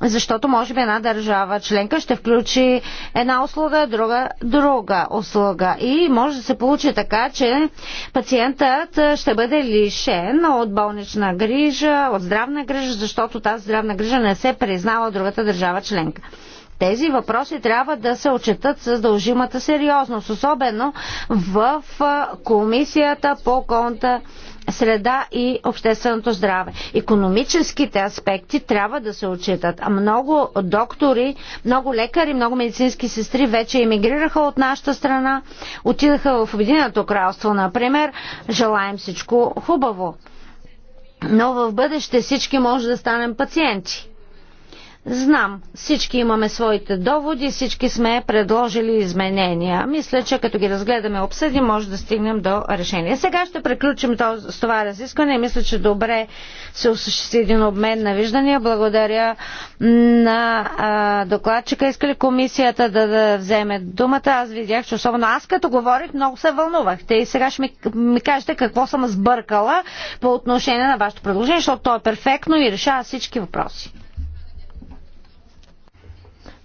защото може би една държава членка ще включи една услуга, друга друга услуга. И може да се получи така, че пациентът ще бъде лишен от болнична грижа, от здравна грижа, защото тази здравна грижа не се признава от другата държава членка тези въпроси трябва да се очетат с дължимата сериозност, особено в Комисията по конта среда и общественото здраве. Економическите аспекти трябва да се отчитат. А много доктори, много лекари, много медицински сестри вече емигрираха от нашата страна, отидаха в Обединеното кралство, например. Желаем всичко хубаво. Но в бъдеще всички може да станем пациенти. Знам, всички имаме своите доводи, всички сме предложили изменения. Мисля, че като ги разгледаме обсъди, може да стигнем до решение. Сега ще приключим с това разискване. Мисля, че добре се осъществи един обмен на виждания. Благодаря на а, докладчика. искали комисията да, да вземе думата? Аз видях, че особено аз като говорих, много се вълнувахте. И сега ще ми, ми кажете какво съм сбъркала по отношение на вашето предложение, защото то е перфектно и решава всички въпроси.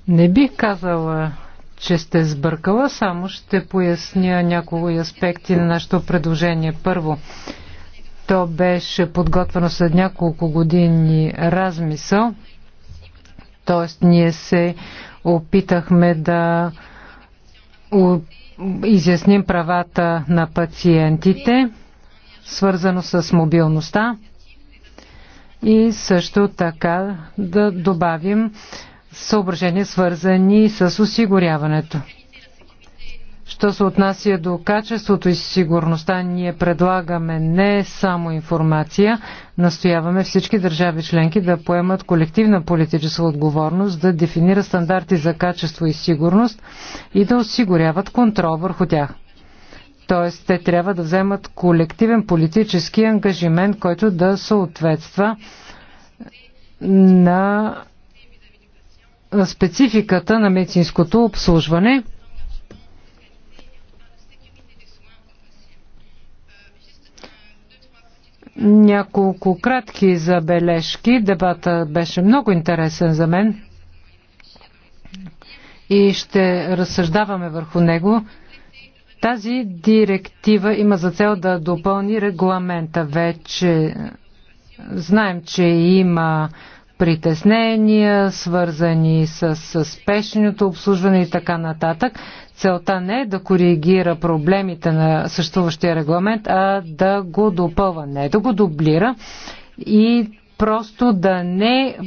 Не бих казала, че сте сбъркала, само ще поясня някои аспекти на нашето предложение. Първо, то беше подготвено след няколко години размисъл, т.е. ние се опитахме да изясним правата на пациентите, свързано с мобилността и също така да добавим съображения, свързани с осигуряването. Що се отнася до качеството и сигурността, ние предлагаме не само информация, настояваме всички държави членки да поемат колективна политическа отговорност, да дефинира стандарти за качество и сигурност и да осигуряват контрол върху тях. Тоест, те трябва да вземат колективен политически ангажимент, който да съответства на спецификата на медицинското обслужване. Няколко кратки забележки. Дебата беше много интересен за мен и ще разсъждаваме върху него. Тази директива има за цел да допълни регламента. Вече знаем, че има притеснения, свързани с, спешното обслужване и така нататък. Целта не е да коригира проблемите на съществуващия регламент, а да го допълва, не да го дублира и просто да не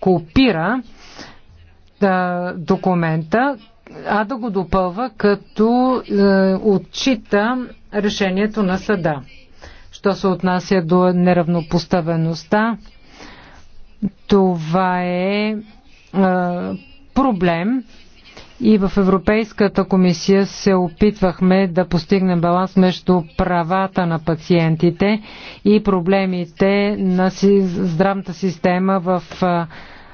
копира да, документа, а да го допълва, като е, отчита решението на съда. Що се отнася до неравнопоставеността, това е проблем и в Европейската комисия се опитвахме да постигнем баланс между правата на пациентите и проблемите на здравната система в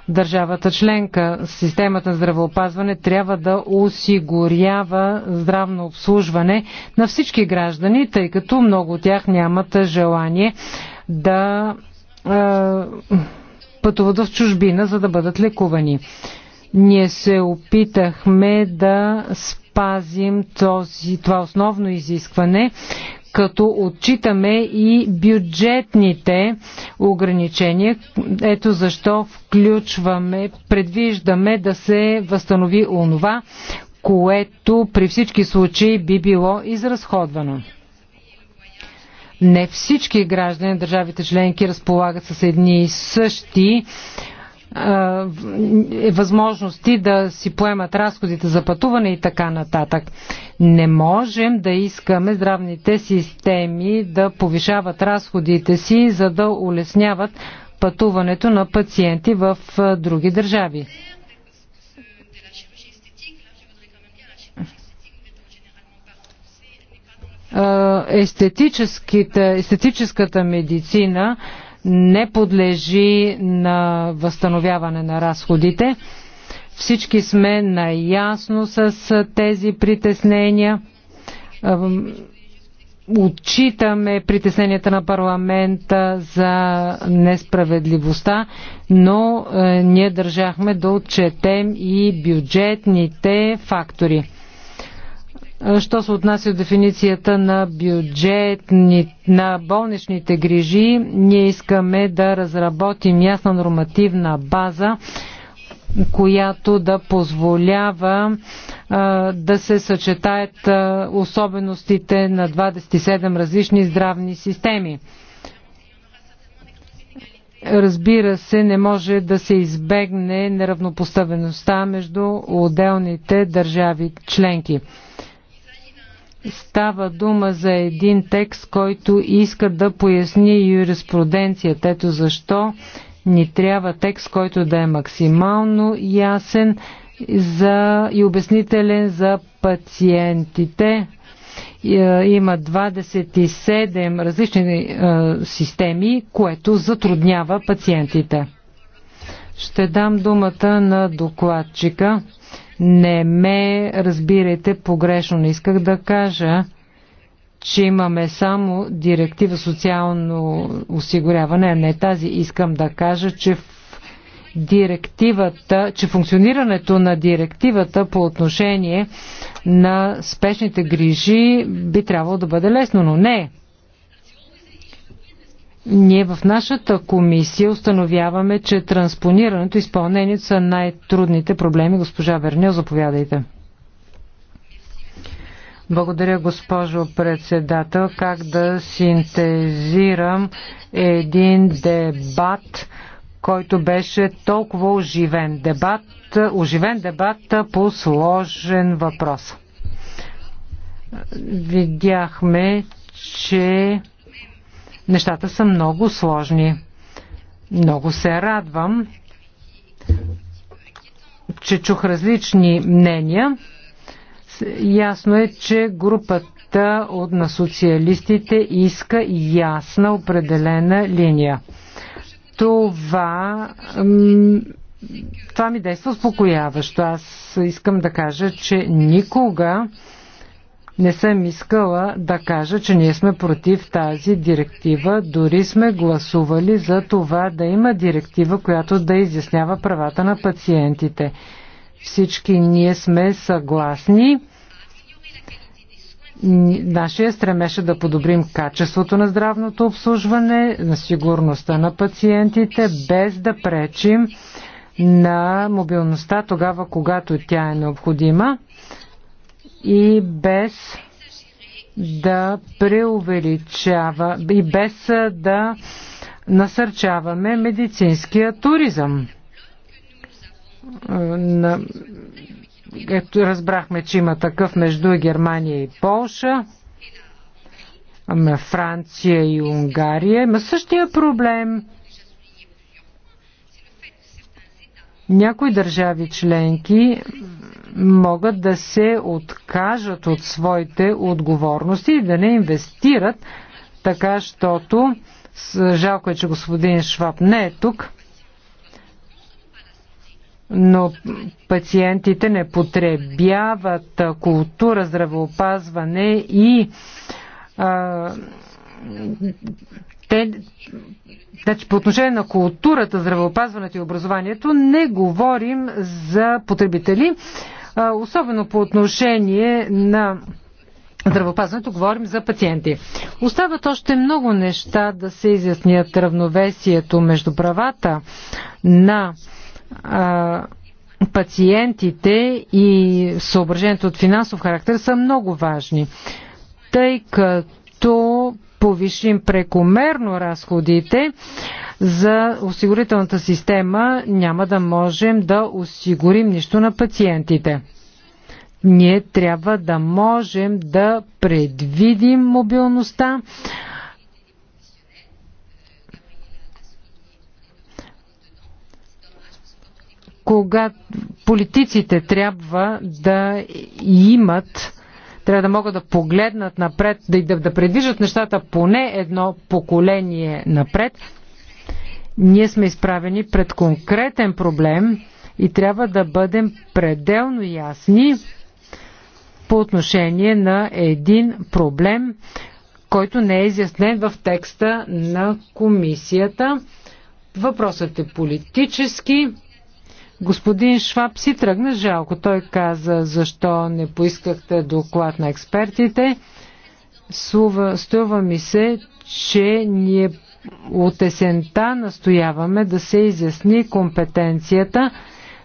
държавата членка. Системата на здравеопазване трябва да осигурява здравно обслужване на всички граждани, тъй като много от тях нямат желание да пътуват в чужбина, за да бъдат лекувани. Ние се опитахме да спазим този, това основно изискване, като отчитаме и бюджетните ограничения. Ето защо включваме, предвиждаме да се възстанови онова, което при всички случаи би било изразходвано. Не всички граждани на държавите членки разполагат с едни и същи възможности да си поемат разходите за пътуване и така нататък. Не можем да искаме здравните системи да повишават разходите си, за да улесняват пътуването на пациенти в други държави. естетическата медицина не подлежи на възстановяване на разходите. Всички сме наясно с тези притеснения. Отчитаме притесненията на парламента за несправедливостта, но е, ние държахме да отчетем и бюджетните фактори. Що се отнася до дефиницията на бюджет на болничните грижи, ние искаме да разработим ясна нормативна база, която да позволява а, да се съчетаят а, особеностите на 27 различни здравни системи. Разбира се, не може да се избегне неравнопоставеността между отделните държави членки. Става дума за един текст, който иска да поясни юриспруденцията. Ето защо ни трябва текст, който да е максимално ясен за, и обяснителен за пациентите. Е, има 27 различни е, системи, което затруднява пациентите. Ще дам думата на докладчика. Не ме разбирайте погрешно. Не исках да кажа, че имаме само директива социално осигуряване. а Не тази искам да кажа, че в директивата, че функционирането на директивата по отношение на спешните грижи би трябвало да бъде лесно, но не. Ние в нашата комисия установяваме, че транспонирането и изпълнението са най-трудните проблеми. Госпожа Верньо, заповядайте. Благодаря, госпожо председател. Как да синтезирам един дебат, който беше толкова оживен дебат, оживен дебат по сложен въпрос. Видяхме, че Нещата са много сложни. Много се радвам, че чух различни мнения. Ясно е, че групата от на социалистите иска ясна определена линия. Това, това ми действа успокояващо. Аз искам да кажа, че никога не съм искала да кажа, че ние сме против тази директива. Дори сме гласували за това да има директива, която да изяснява правата на пациентите. Всички ние сме съгласни. Нашия стремеше да подобрим качеството на здравното обслужване, на сигурността на пациентите, без да пречим на мобилността тогава, когато тя е необходима и без да преувеличава и без да насърчаваме медицинския туризъм. Ето разбрахме, че има такъв между Германия и Полша, Франция и Унгария. Има същия проблем Някои държави членки могат да се откажат от своите отговорности и да не инвестират, така щото жалко е, че господин Шваб не е тук, но пациентите не потребяват култура, здравеопазване и а, те, Значи, по отношение на културата, здравеопазването и образованието не говорим за потребители, особено по отношение на здравеопазването говорим за пациенти. Остават още много неща да се изяснят равновесието между правата на а, пациентите и съображението от финансов характер са много важни, тъй като повишим прекомерно разходите за осигурителната система, няма да можем да осигурим нищо на пациентите. Ние трябва да можем да предвидим мобилността. Кога политиците трябва да имат трябва да могат да погледнат напред, да, да, да предвижат нещата поне едно поколение напред. Ние сме изправени пред конкретен проблем и трябва да бъдем пределно ясни по отношение на един проблем, който не е изяснен в текста на комисията. Въпросът е политически Господин Шваб си тръгна жалко. Той каза, защо не поискахте доклад на експертите. Сува, ми се, че ние от есента настояваме да се изясни компетенцията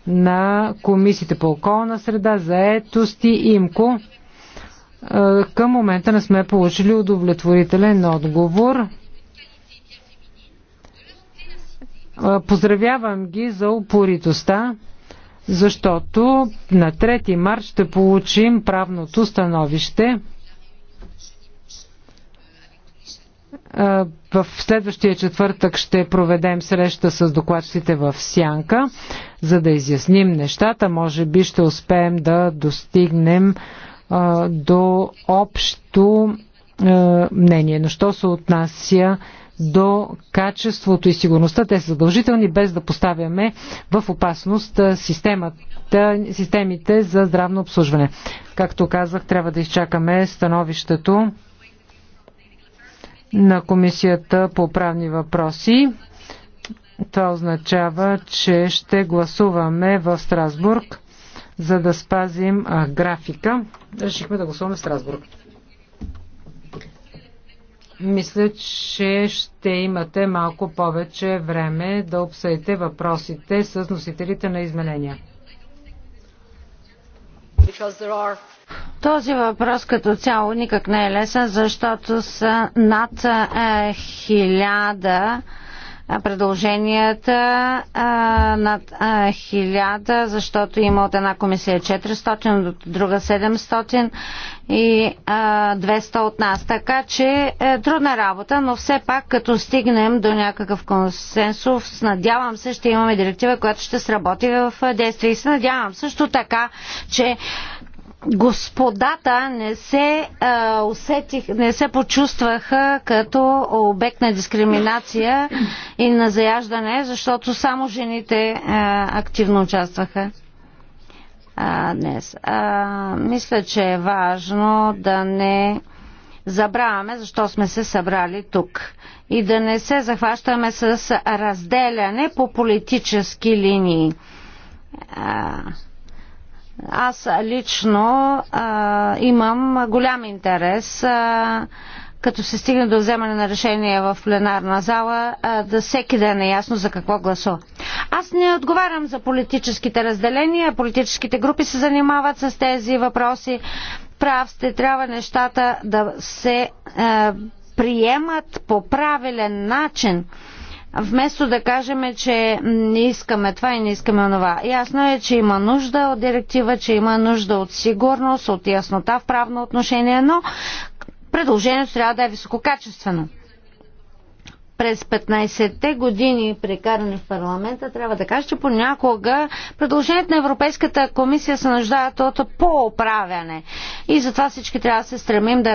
на комисиите по околна среда, заетост и имко. Е, към момента не сме получили удовлетворителен отговор. Поздравявам ги за упоритостта, защото на 3 март ще получим правното становище в следващия четвъртък ще проведем среща с докладците в Сянка, за да изясним нещата. Може би ще успеем да достигнем а, до общо а, мнение. Но що се отнася до качеството и сигурността. Те са задължителни, без да поставяме в опасност системата, системите за здравно обслужване. Както казах, трябва да изчакаме становището на Комисията по правни въпроси. Това означава, че ще гласуваме в Страсбург, за да спазим графика. Решихме да гласуваме в Страсбург. Мисля, че ще имате малко повече време да обсъдите въпросите с носителите на изменения. Този въпрос като цяло никак не е лесен, защото са над е, хиляда 1000 предложенията над 1000, защото има от една комисия 400, от друга 700 и 200 от нас. Така че е трудна работа, но все пак като стигнем до някакъв консенсус, надявам се, ще имаме директива, която ще сработи в е, действие. И се надявам също така, че господата не се, а, усетих, не се почувстваха като обект на дискриминация и на заяждане, защото само жените а, активно участваха а, днес. А, мисля, че е важно да не забравяме защо сме се събрали тук и да не се захващаме с разделяне по политически линии. А, аз лично а, имам голям интерес, а, като се стигне до вземане на решение в пленарна зала, а, да всеки да е наясно за какво гласува. Аз не отговарям за политическите разделения, политическите групи се занимават с тези въпроси. Прав сте, трябва нещата да се а, приемат по правилен начин. Вместо да кажем, че не искаме това и не искаме това. Ясно е, че има нужда от директива, че има нужда от сигурност, от яснота в правно отношение, но предложението трябва да е висококачествено. През 15-те години прекарани в парламента, трябва да кажа, че понякога предложението на Европейската комисия се нуждаят от по-оправяне. И затова всички трябва да се стремим да